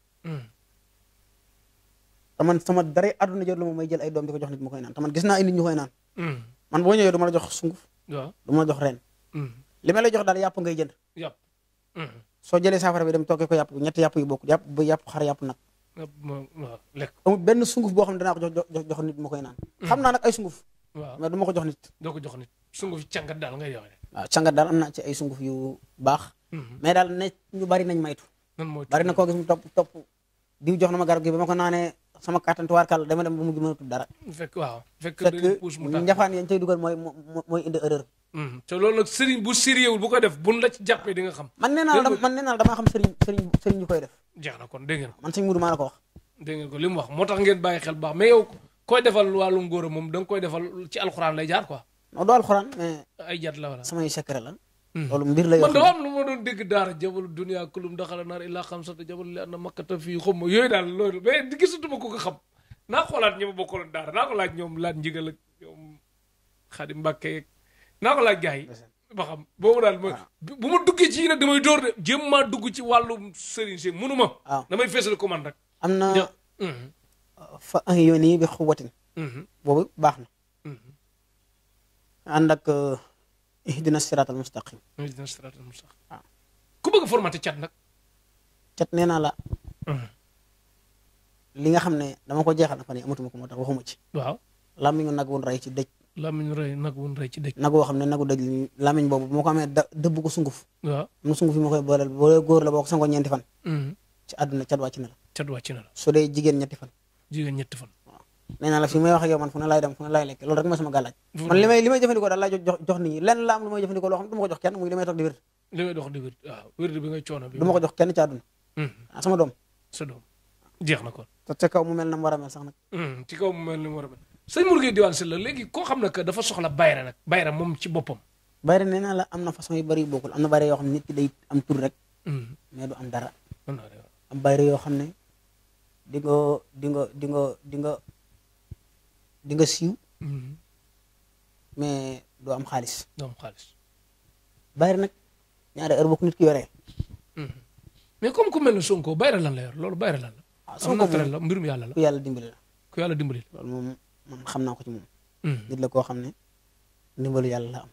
te man sama dara àdduna jël lu ma may ay doom di ko jox nit mu naan te gis naa ay nit ñu koy naan. Mm. man boo ñëwee du ma la jox sunguf. waaw du ma la jox ren. Mm. li ma la jox daal mm. soo jëlee saafara bi dem toogee ko yàpp ñetti yàpp yu bokk yàpp ba yàpp xar yàpp nag. lekk amul benn sunguf boo xam ne danaa ko nit mu naan. xam naa ay sunguf. waaw du ma ko jox nit. doo ko jox nit sunguf càngat daal ngay joxe. waaw càngat daal am naa ci ay sunguf yu baax. Mm-hmm. mais daal ne ñu bari nañ maytu. nan mooy bari na koo gis mu topp topp diw jox na ma garab gi ba ma ko naanee sama kàttan tubaarkàlla dama dem ba mujj mënatul dara. fekk waaw njafaan yañ cay dugal mooy indi erreur. Hmm, te loolu nag sëriñ bu sérieux bu ko def buñ la ci jàppee di nga xam. man nee naa la man nee naa xam sëriñ sëriñ sëriñ ñu koy def. jeex man sëñ Mourou maa ko wax. dégg li mu wax moo tax ngeen bàyyi xel baax mais yow koy defal wàllu ngóor moom da nga koy defal ci alxuraan lay jaar quoi. non du alxuraan mais. ay jat la wala samay secret la. Hmm. loolu mbir la yoo xam ne man dafa am lu ma doon dégg daara jabalu dunia kulum daxala naar illaa xam sata jabalu li anna makkata fii xaw ma yooyu daal loolu mais gisatuma ko ko xam naa xoolaat ñi ma bokkaloon daara naa ko laaj ñoom laaj njigal ak ñoom xaadim mbàkke yeeg naa ko laaj gars yi ba xam boobu daal ma ah. bu ma duggee ci yi nag damay dóor de jéem maa dugg ci wàllum sëriñ si mënu ma waaw ah. damay feesal commande rek am na mhm. fa an yoon yi bi xuwatin mhm. boobu baax na mhm. ànd ak euh, ihdina siraatal mustaqim ihdina siraatal mustaqim waaw ah. ku a formaté cat nag cat nee naa la hmm. ne dama ko jeexal na fa ne amatuma ko moo tax waxuma ci waaw lamiñu nag wun rey ci dëj nag wun rey ci nag woo xam ne nagu dëj lamiñ boobu moo ko amee dëbb ko sunguf waaw am na sunguf yi ma koy booleel boo góor la boo ko sangoo ñeenti fan hmm. ci àdduna cat na la cat wàcc na la su dee jigéen ñetti fan jigéen ñetti fan nee naa la fi may wax ak yow man fu ne laay dem fu ne laay lekk loolu rek mooy sama gàllaaj man li may li may jëfandikoo daal laay jox jox nit ñi lenn la am lu may jëfandikoo loo xam ne du ma ko jox kenn muy li may toog di wér li may dox di wér waaw wér bi ngay coono bi du ma ko jox kenn ci àdduna hmm. ah sama doom sa doom jeex na kon te ca kaw mu mel na mu war a mel sax nag hmm, ci kaw mu mel na mu war a mel sëñ Mour Gueye Diwane Sylla léegi koo xam ne que dafa soxla bayra nag bayra moom ci boppam bayra nee naa la am na façon yu bëri yu bokkul am na bayra yoo xam ne nit ki day am tur rek hmm. mais du am dara am bayra yoo xam ne di nga di nga di nga di nga di nga siiw. Mm-hmm. mais doo am xaalis. doo am xaalis. Bayra ñaari heure bokk ki yoree. Mm-hmm. mais comme ku mel ne Sonko Bayra lan la yor loolu Bayra lan la. waaw ah, Sonko moom la yàlla la. ku yàlla dimbali ku yàlla dimbali loolu moom man xam naa ko ci moom. Mm-hmm. nit la koo xam ne ndimbalu yàlla la am.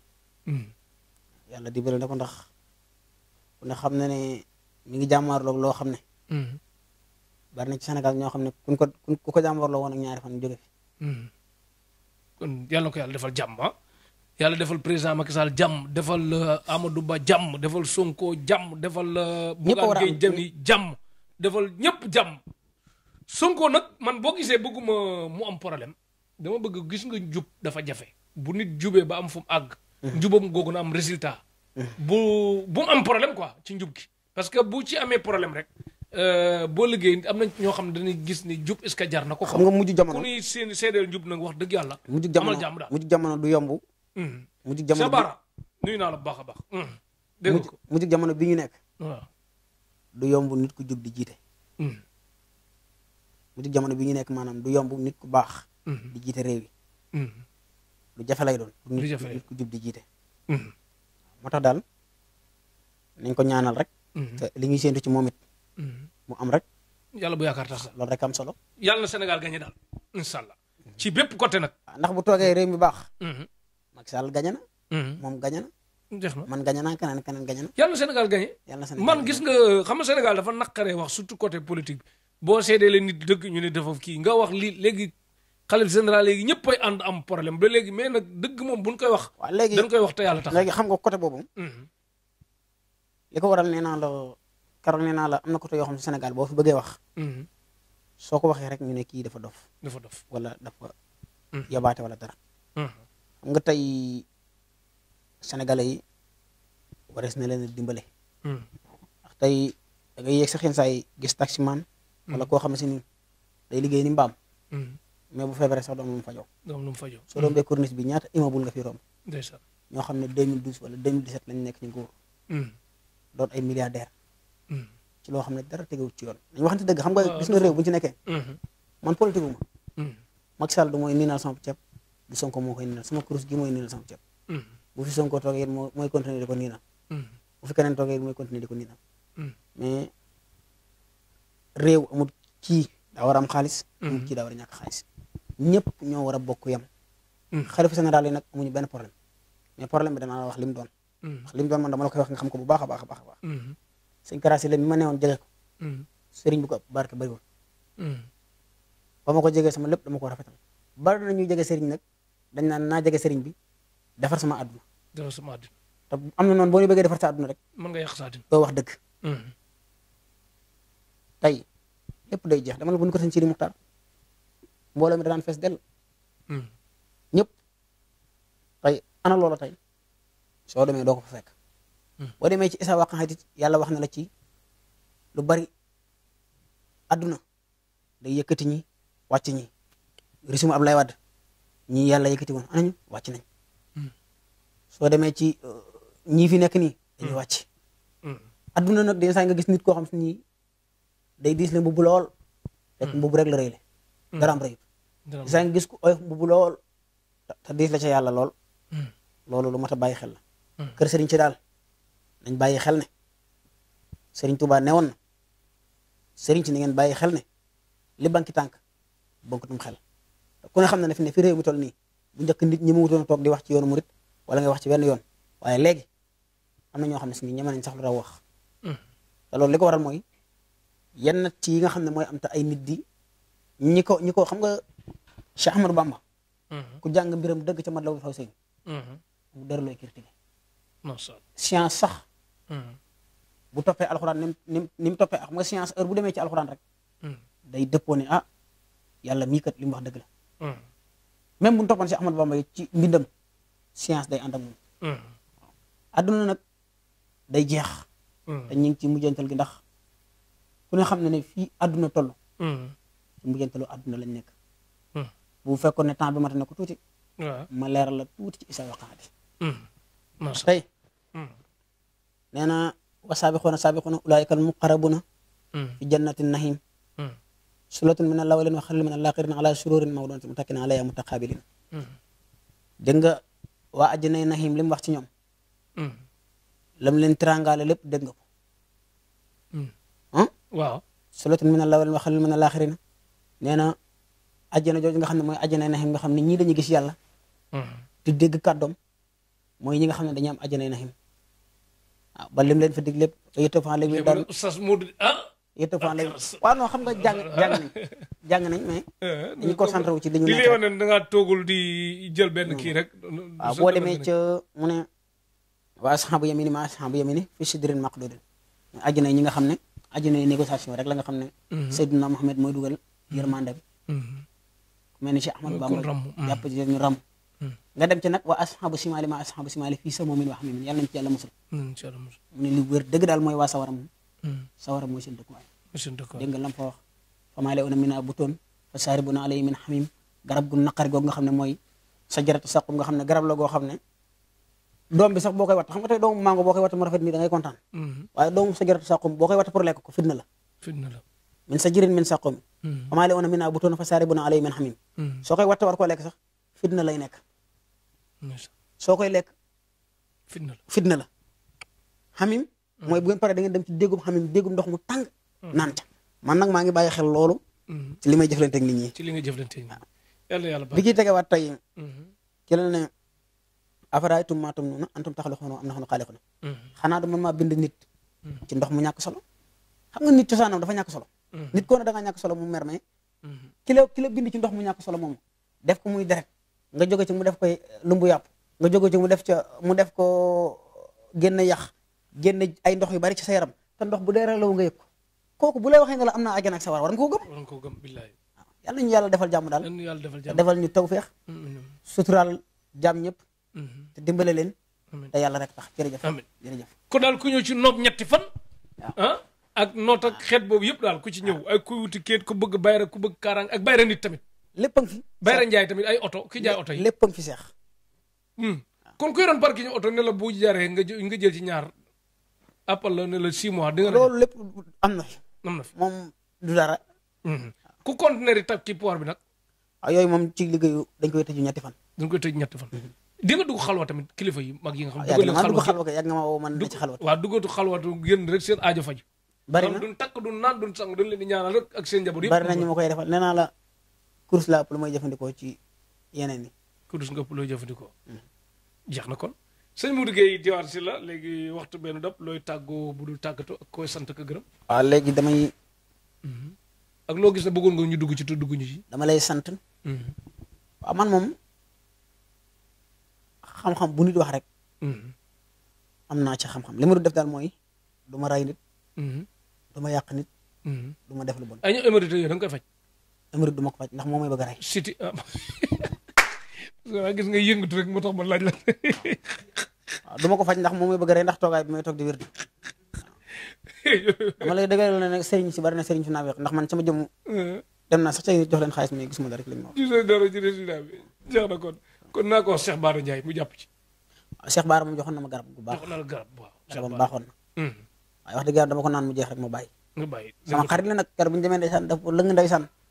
yàlla dimbali na ko ndax ku ne xam na ne mi ngi jàmmaarloog loo xam ne. bari na ci Sénégal ñoo xam ne ko kuñ ko jàmmaarloo ñaari fan jóge kon yàlla ko yàlla defal jàmm yàlla defal président Macky Sall jàmm defal euh, Amadou Ba jàmm defal Sonko jàmm defal. Euh, ñëpp a war a jàmm defal ñëpp jàmm. Sonko nag man boo isee bëgguma mu am problème dama bëgg gis nga jub dafa jafe bu nit jubee ba am fu mu àgg. Mhm. njubam googu na am résultat. Mhm. bu bum am problème quoi ci njub gi. parce que bu ci amee problème rek. Euh, boo liggéey am na ñoo xam ne dañuy gis ni jub est-ce jar na ko. xam nga mujj jamono ku ñuy seen seedeel jub nag wax dëgg yàlla. amal jàmm daal mujj jamono du yomb. Hmm. mujj jamono bi nuyu naa la bu baax a baax. Hmm. dégg jamono bi ñu nekk. du yomb nit ku jub di jiite. Hmm. mujj jamono bi ñu nekk maanaam du yomb nit ku baax. di jiite réew yi. lu jafe lay doon. lu jafe nit ku jub di jiite. moo tax daal nañ ko ñaanal rek. te li ñuy séentu ci moom mu am rek. yàlla bu yaakaar tax loolu rek am solo. yàlla na Sénégal gagné daal incha allah ci bépp côté nag. Ah, ndax bu toogee réew mi baax. Mm-hmm. Macky Sall gagné na. Mm-hmm. moom gagné na. jeex na man gagné naa keneen keneen gagné na. yàlla na Sénégal gagné. yàlla man gis nga xam nga Sénégal dafa naqaree wax surtout côté politique boo seedeelee nit dëgg ñu ne dafa nga wax li léegi xalif général léegi ñëpp ay ànd am problème ba léegi mais nag dëgg moom buñ koy wax. waaw léegi dañ koy wax te yàlla tax léegi xam nga côté boobu. Mm-hmm. li ko waral nee naa keroog nee naa la am na côté yoo xam ne Sénégal boo fi bëggee wax. Mm-hmm. soo ko waxee rek ñu ne kii dafa dof. dafa dof wala dafa. Mm-hmm. yabaate wala dara. Mm-hmm. xam nga tey sénégalais yi warees na leen dimbale. ndax tey da ngay yegg sa xeen saay gis taximan. wala koo xam ne si ni day liggéey ni mbaam. mais bu feebaree sax doom lu mu fajoo. doom lu mu fajoo soo doom bee corniche bi ñaata immeuble nga fi ñoo xam ne 2012 wala 2017 lañ nekk ci nguur. doon ay milliardaire ci loo xam ne dara tegewu ci yoon dañu waxante dëgg xam nga gis nga réew bu ñu ci nekkee mhm. man politique wu ma mhm. Macky Sall du mooy niinal sama ceeb du Sonko moo koy niinal sama kurus gi mooy niinal sama ceeb mhm. bu fi Sonko toogee yéen mooy continuer di ko niinal bu fi keneen toogee yéen mooy continuer di ko niinal mais réew amul kii daa war a am xaalis amul kii daa war a ñàkk xaalis ñëpp ñoo war a bokk yem xalifa général yi nag amuñu benn problème mais problème bi dama la wax li mu doon wax li mu doon man dama la koy wax nga xam ko bu baax a baax a baax sëñ Karaasi la mi ma newoon jege ko. Mm. sëriñ bu ko barke bëriwul. Mm. ba ma ko jege sa ma lépp dama ko rafetal bari na ñuy jege sëriñ nag dañ naan naa jege sëriñ bi defar sama àdduna. defar sama am na noon boo ñu bëggee defar sa àdduna rek. mën nga yàq sa doo wax dëgg. Mm. tey lépp day jeex dama la bu ñu ko sëñ Sidi Muxtaar mbooloo mi da daan fees dell. ñëpp tey ana loola tey demee doo ko boo demee ci isa wàqan xatit yàlla wax na la ci lu bari àdduna day yëkkati ñi wàcc ñi risuma Ablaye Wade ñi yàlla yëkkati woon anañu wàcc nañ hmm. soo demee ci uh, ñii fi nekk nii dañuy hmm. wàcc hmm. adduna nag des saa nga gis nit koo xam si nii day diis le mbubu lool rek mbubu rek la rëy le dara am rëyut des gis ku oyof mbubu lool te diis la ca yàlla lool loolu lu mat a bàyyi xel la kër sëriñ daal nañ bàyyi xel ne sëriñ Touba newoon na sëriñ ci na ngeen bàyyi xel ne li banki tànk bankutum xel ku ne xam na ne fi ne fi réew toll nii bu njëkk nit ñi mu wutoon toog di wax ci yoonu murit wala ngay wax ci wenn yoon waaye léegi am na ñoo xam ne si ñeme nañ sax lu raw wax. Mm. te loolu li ko waral mooy yenn ci yi nga xam ne mooy am te ay nit di ñi ko ñi ko xam nga Cheikh Ahmadou Bamba. Mm-hmm. ku jàng mbiram dëgg ca mat la wu xaw seen. mu dër sax. bu toppee alxuraan ni mu ni mu toppee xam nga science heure bu demee ci alxuraan rek. Hmm. day dëppoo ne ah yàlla mii kat li mu wax dëgg la. Hmm. même bu ñu toppoon si Ahmad Bamba ci mbindam science day ànd ak moom. Hmm. adduna nag day jeex. te ñu ngi mujjantal gi ndax ku ne xam na ne fii adduna toll. ci mujjantalu adduna lañ nekk. bu fekkoon ne temps bi mat na tuuti. ma leeral la tuuti ci isa waqaadi. macha nee na wa saabiquuna saabiquuna ulaaika almuqarrabuuna hmm. fi jannati nahim hmm. sulatun min alawalin wa xalil min alaxirin ala sururin mawdunatin mutakin alaya mutaqabilin hmm. dégg nga waa àjjanay nahim li mu wax ci ñoom lam leen tirangaale lépp dégg nga ko ah waaw sulatun min alawalin wa xalil min alaxirin nee na àjjana jooju nga xam ne mooy àjjanay nahim nga xam ne ñii dañuy gis yàlla di dégg kàddoom mooy ñi nga xam ne dañuy am àjjanay nahim waaw ah, ba lim leen fa dig lépp yëttëfan léegi bi daan sas Modou ah xam nga jàng jàng nañ jàng nañ mais eh, eh, dañu concentré wu ci li ñu da ngaa di jël benn hmm. kii rek waaw boo demee ca mu ne waa asxaabu yamini ma asxaabu yamini fi sidrin maqdudin àjjana yi ñi nga xam ne àjjana yi négociation rek la xam ne hmm. Seydina Mohamed mooy dugal hmm. yërmande bi mel ni Ahmad Bamba jàpp ci ñu ram nga dem ci nag waa asxaabu simaali ma asxaabu simaali fii sa moomin wax mi yàlla nañ ci yàlla musul mm, mu ne li wér daal mooy waa sawaram mm. sawaram mooy seen dëkkuwaay dégg nga fa wax famaa lay una butoon fa saaribuna alayhi min xamim la goo xam ne doom bi sax boo koy watt xam nga tey doomu mango boo koy watt mu rafet nii da ngay kontaan mm-hmm. waaye doomu min sajirin mm-hmm. mm-hmm. soo koy watt war lekk sax fitna lay nekk. soo koy lekk. fitna la fitna la. xamim. Mm. mooy bu ngeen paree da ngeen dem ci déggum xamim déggum ndox mu tàng. Mm. naan ca man nag maa ngi bàyyi xel loolu. Mm-hmm. ci li may jëflante ak nit li nga jëflante ak nit ñi. yàlla yàlla baax bi ciy tegewaat tey. Mm-hmm. ci la ne afaraayitum maa tumnuuna antum taxluquunahu am nahnu xaaliquun. Mm-hmm. xanaa du man maa bind nit. ci ndox mu ñàkk solo. xam nga nit cosaanam dafa ñàkk solo. nit koo ne da solo mu mer mais. ki la ki la ci ndox mu ñàkk solo moom def ko deret nga jóge ci mu def koy lumbu yàpp nga jóge ci mu def ca mu def ko génn yax génn ay ndox yu bari ci sa yaram te ndox bu dee rek la nga yëg ko kooku bu lay waxee nga la am na àjjana ak sawar war nga koo gëm. war nga koo gëm yàlla ñu yàlla defal jàmm daal yàlla defal jàmm defal ñu tawféex. suturaal jàmm ñëpp. Mhm. te dimbale leen. te yàlla rek tax jërëjëf. amiin jërëjëf. ko daal ku ñëw ci noob ñetti fan. ah ak noot ak xeet boobu yëpp daal ku ci ñëw ay ku wuti kéet ku bëgg bayra ku bëgg kaaraan ak bayra nit tamit lépp a ngi fi. Bayra Ndiaye tamit ay oto ki jaay oto yi lépp a ngi fi seex. Hmm. kon kuy doon parking oto ne la bu jaree nga nga jël ci ñaar appal la ne la di nga lépp am na am na fi moom du dara. Hmm. ku conteneur bi nag. ah yooyu moom ci liggéeyu dañ koy tëju fan. dañ koy tëju ñetti fan. Hmm. di nga dugg xalwa tamit kilifa yi mag yi nga xam. Ah, dugg leen xalwa yàgg nga ma woo man ci xalwa. waaw rek na bari na ñu koy defal nee la kurus laa ëpp lu may jëfandikoo ci yeneen yi. kurus nga ëpp looy jëfandikoo. Mm. jeex na kon sëñ Modou Gueye diwaan si la léegi waxtu benn dab looy tàggoo bu dul tàggatoo ak koy sant ko gërëm. waaw ah, léegi damay. Mm-hmm. ak loo gis ne bëggoon nga ñu dugg ci te dugg dama lay sant. Mm-hmm. waaw man moom xam-xam bu nit wax rek. Mm-hmm. am naa ci xam-xam li ma def daal mooy du ma rey nit. du ma yàq nit. du ma def lu bon. ay ñoom émérité yooyu da nga koy faj. émérite du ma ko faj ndax moo may bëgg a rey. siti ah. gis nga yëngatu rek moo tax ma laaj du ma ko faj ndax moo may bëgg ndax toogaay bi may toog di wér. dama lay dëgëral ne nag si bari na sëriñ si naaweq ndax man sama jëm uh-huh. dem naa sax tey jox leen xaalis mais gisuma rek ma wax. gisoo dara ci résultat bi jeex na kon kon naa ko wax Cheikh Bara Ndiaye mu jàpp ci. waaw Cheikh Bara moom ma garab bu baax. joxoon na la garab bu baax. Cheikh Bara na. Uh-huh. waaye wax dëgg yàlla dama ko bu ñu demee ndeysaan daf lëng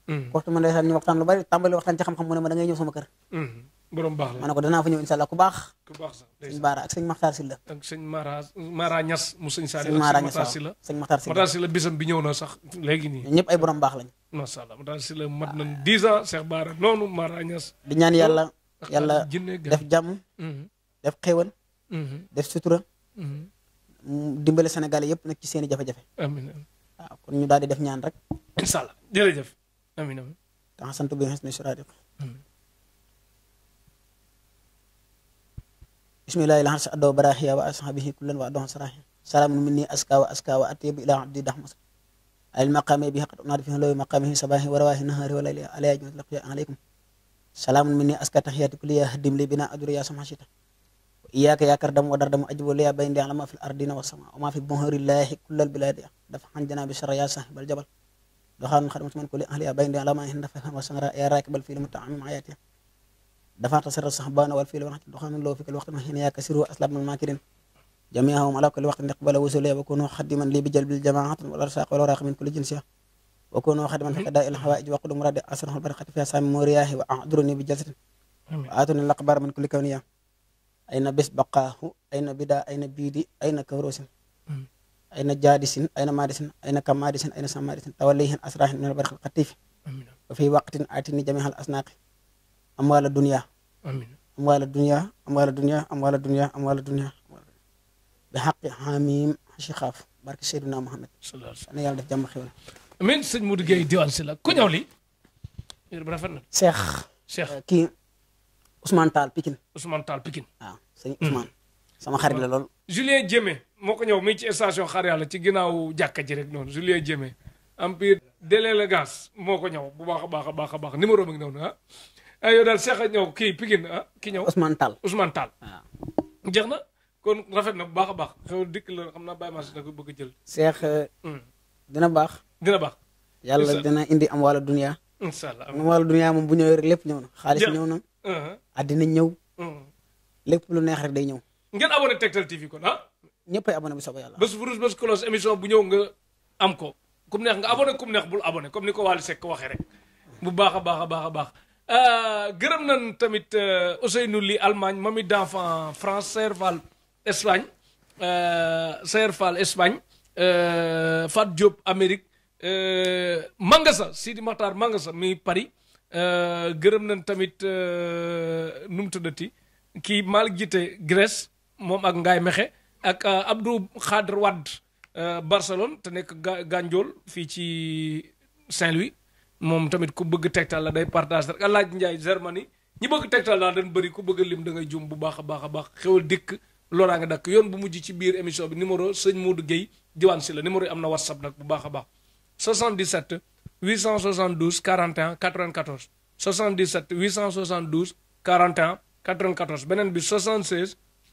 Mm-hmm. waxtu ma ndeysaan ñu waxtaan lu bari tàmbali waxtaan ci xam-xam mu ne ma da ngay ñëw sama kër mm-hmm. borom baax la ma ne ko danaa fa ñëw incha allah ku baax ku baax sax sëñ Baara ak sëñ Maxtaar Silla ak sëñ Mara Mara Ñas mu sëñ Saali sëñ Mara Ñas Silla sëñ Maxtaar Silla Maxtaar Silla bisam bi ñëw na sax léegi nii ñëpp ay borom baax lañ macha allah Maxtaar Silla mat nañ dix ans Cheikh Baara noonu Mara Ñas di ñaan yàlla yàlla def jàmm mm-hmm. def xéwal def sutura dimbale Sénégal yëpp nag ci seen i jafe-jafe amiin waaw kon ñu daal di def ñaan rek incha allah jërëjëf amiin amiin danga sant bi xes ni suraati ko bismillahi laxan sa addoo baraaxiya wa asxaabihi kullan wa addoon saraxi salaamun minni aska wa aska wa atyebu ila abdi dax mas wa iyaaka yaakar dam ajibo liya bayn di alama fi ardina wa wa ma fi bonhori laahi kullal bilaadi dafa xan bi sara yaa sahibal jabal doxaan xadamatu man kulli ahliya bayn la ma hinda fa wa sanra ya rakibal fil muta'ammim ayati dafa tasir sahbana wal fil wahid doxaan lo fi kal waqt ma hin ya kasiru aslam al makirin jami'ahum ala kulli waqtin iqbala wusul ya yakunu khadiman li bi jalbil jama'at wal arsaq wal raq min kulli jinsiya wa kunu khadiman fi qada'i al hawaij wa qudum radi asrah al barakati fi sami muriyahi wa a'duruni bi jalsatin atuni al aqbar min kulli kawniya ayna bis baqahu ayna bida ayna bidi ayna kawrusin ayna jaadisin ayna maadisin ayna kamaadisin ayna samaadisin tawallayhin asrahin min albarqil qatifi wa fi waqtin atini jamihal asnaqi amwala dunya amwala dunya amwala dunya amwala dunya amwala dunya bi xaqi xamim xashi xaaf barke Seydina Muhammad ana yàlla def jàmm xéwal amin sëñ Modou Gueye diwaan si na Cheikh Cheikh kii Ousmane Tall Pikine Ousmane Tall Pikine waaw sëñ sama xarit la lool. Julien Jémé moo ko ñëw mi ci station xar yàlla ci ginnaawu jàkka ji rek noonu Julien Jémé empire de l'élégance moo ko ñëw bu baax a baax a baax a baax numéro bi ngi noonu ah. ay eh, yow daal Cheikh a ñëw kii ah ki ñëw. Ousmane Tall Ousmane Tall. waaw ah. na kon rafet na bu baax a baax xew dikk la xam na Baye Mass da bëgg jël. Cheikh. Euh, hmm. dina baax. dina baax. yàlla dina indi am wala dunia. incha allah am wàllu dunia moom bu ñëwee rek lépp ñëw na. xaalis ñëw na. Uh-huh. àddina ñëw. Hmm. lépp lu neex rek day ñëw. ngeen abonné Tektal TV kon ah. ñëpp ay abonné bu soobee yàlla. bés bu rouge bés bu ñëw nga am ko. kum neex nga abonné kum neex bul abonné ni ko Wally Seck waxee bu baax a baax a baax a baax. Euh, gërëm nañ tamit euh, Ousseynou Ly Allemagne mami d'enfant France Serval Espagne euh, Serval Espagne Fat Diop Amérique Mangasa Sidi Matar Mangasa mi Paris gërëm nañ tamit nu mu tuddati kii Malick Jité Grèce. moom ak Ngaye Mexe ak euh, Abdou Khadre Wade euh, Barcelone te nekk Gandiol fii ci Saint-Louis moom tamit ku bëgg tegtal la day partage rek El Hadj Ndiaye Germanie ñi bëgg tegtal daal dañ bëri ku bëgg lim da ngay jum bu baax a baax a baax xewal dikk loolaa nga dakk yoon bu mujj ci biir émission bi numéro sëñ Modou Guèye diwaan si la numéro yi am na whatsapp nag bu baax a baax 77 872 41 94 77 872 41 94 beneen bi 76.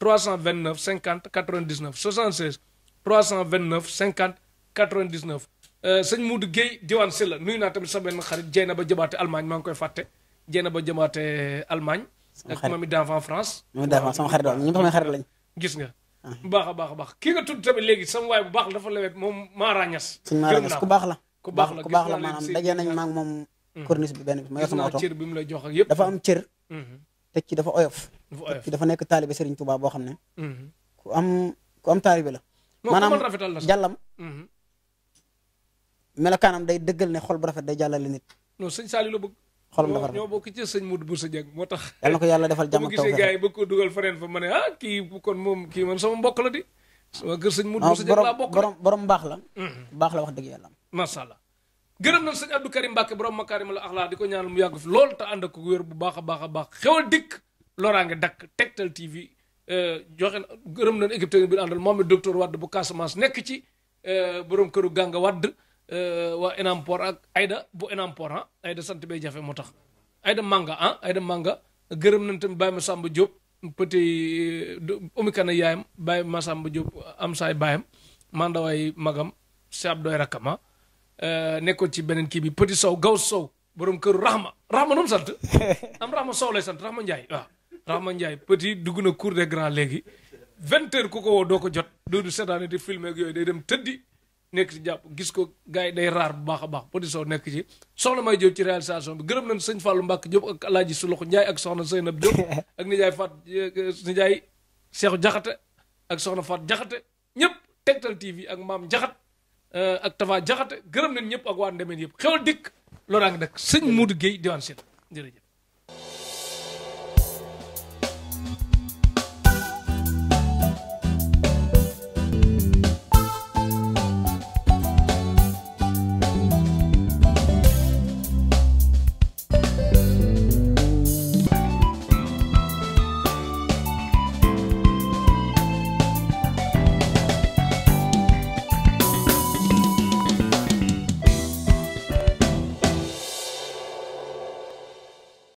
329 50 99 76 329 50 99 sëñ Modou Guèye diwaan si la nuyu naa tamit sa benn xarit jey na ba jëbaate Allemagne maa ngi koy fàtte jey na ba jëbaate Allemagne ak mami d'enfant France mami d'enfant sama xarit waaw ñoom sama xarit lañ gis nga ah. baax a baax a baax kii nga tudd tamit léegi sama waay bu baax la dafa lewet moom Mara Niass sëñ Mara Niass ku baax la ku baax la ku baax la maanaam dajee nañ maa ngi moom mm. corniche bi benn bis ma yor sama oto cër bi mu lay jox ak yëpp dafa am cër mm-hmm. teg ci dafa oyof. teg ci dafa nekk taalibe Serigne Touba boo xam ne. Mm-hmm. ku am ku am taalibe la. maanaam jàllam. Mm-hmm. melokaanam day dëggal ne xol bu rafet day jàllale nit. non sëñ Saliou la bëgg. xolam dafa rafet ñoo bokk ci sëñ Modou Boussa Dieng moo tax. yal na ko yàlla defal jàmm ak taw bi gisee gars yi ko dugal feneen fa ma ne ah kii kon moom kii man sama mbokk la di. sama kër sëñ Modou ah, Boussa Dieng laa bokk borom baax la. Mm-hmm. baax la wax dëgg yàlla. macha gërëm nañ sëñ Abdou Karim Mbacke borom makaarimal axlaa di ko ñaanal mu yàgg fi lool te ànd ak ko wér bu baax a baax a baax xewal dikk loraange dakk Tektal TV euh, joxe gërëm nañ équipe technique bi àndal moom it docteur Wade bu Casamance nekk ci euh, borom këru Ganga Wade euh, waa ak Aida bu Enampor ah Aida jafe moo tax Aida Manga ah Aida Manga gërëm nañ tamit Baye Massamba Diop petit omikana yaayam Baye Massamba Diop am saay baayam mandawaay magam si Abdoy Rakama Euh, nekkoon ci beneen kii bi Petit Sow Gaw Sow borom këru Rahma Rahma nu mu sant am Rahma Sow lay sant Rahma Ndiaye waaw Rahma Ndiaye Petit dugg na cour des grands léegi vingt heures ku ko woo doo ko jot doodu seetaane di filmé yooyu day dem tëddi nekk ci jàpp gis ko gars yi day raar bu baax a baax Petit Sow nekk ci soxna may Diop ci réalisation bi gërëm nañ sëñ Fallou Mbacke Diop ak alaaji Suluxu Ndiaye ak soxna Seynab Diop ak nijaay Fat nijaay Cheikh Jaxate ak soxna Fat Jaxate ñëpp Tektal TV ak maam Jaxat Euh, ak Tafa Jaxate gërëm nañ ñëpp ak waa Ndemeen yëpp xewal dikk loolu daa ngi sëñ Modou Guèye diwaan Sine jërëjëf.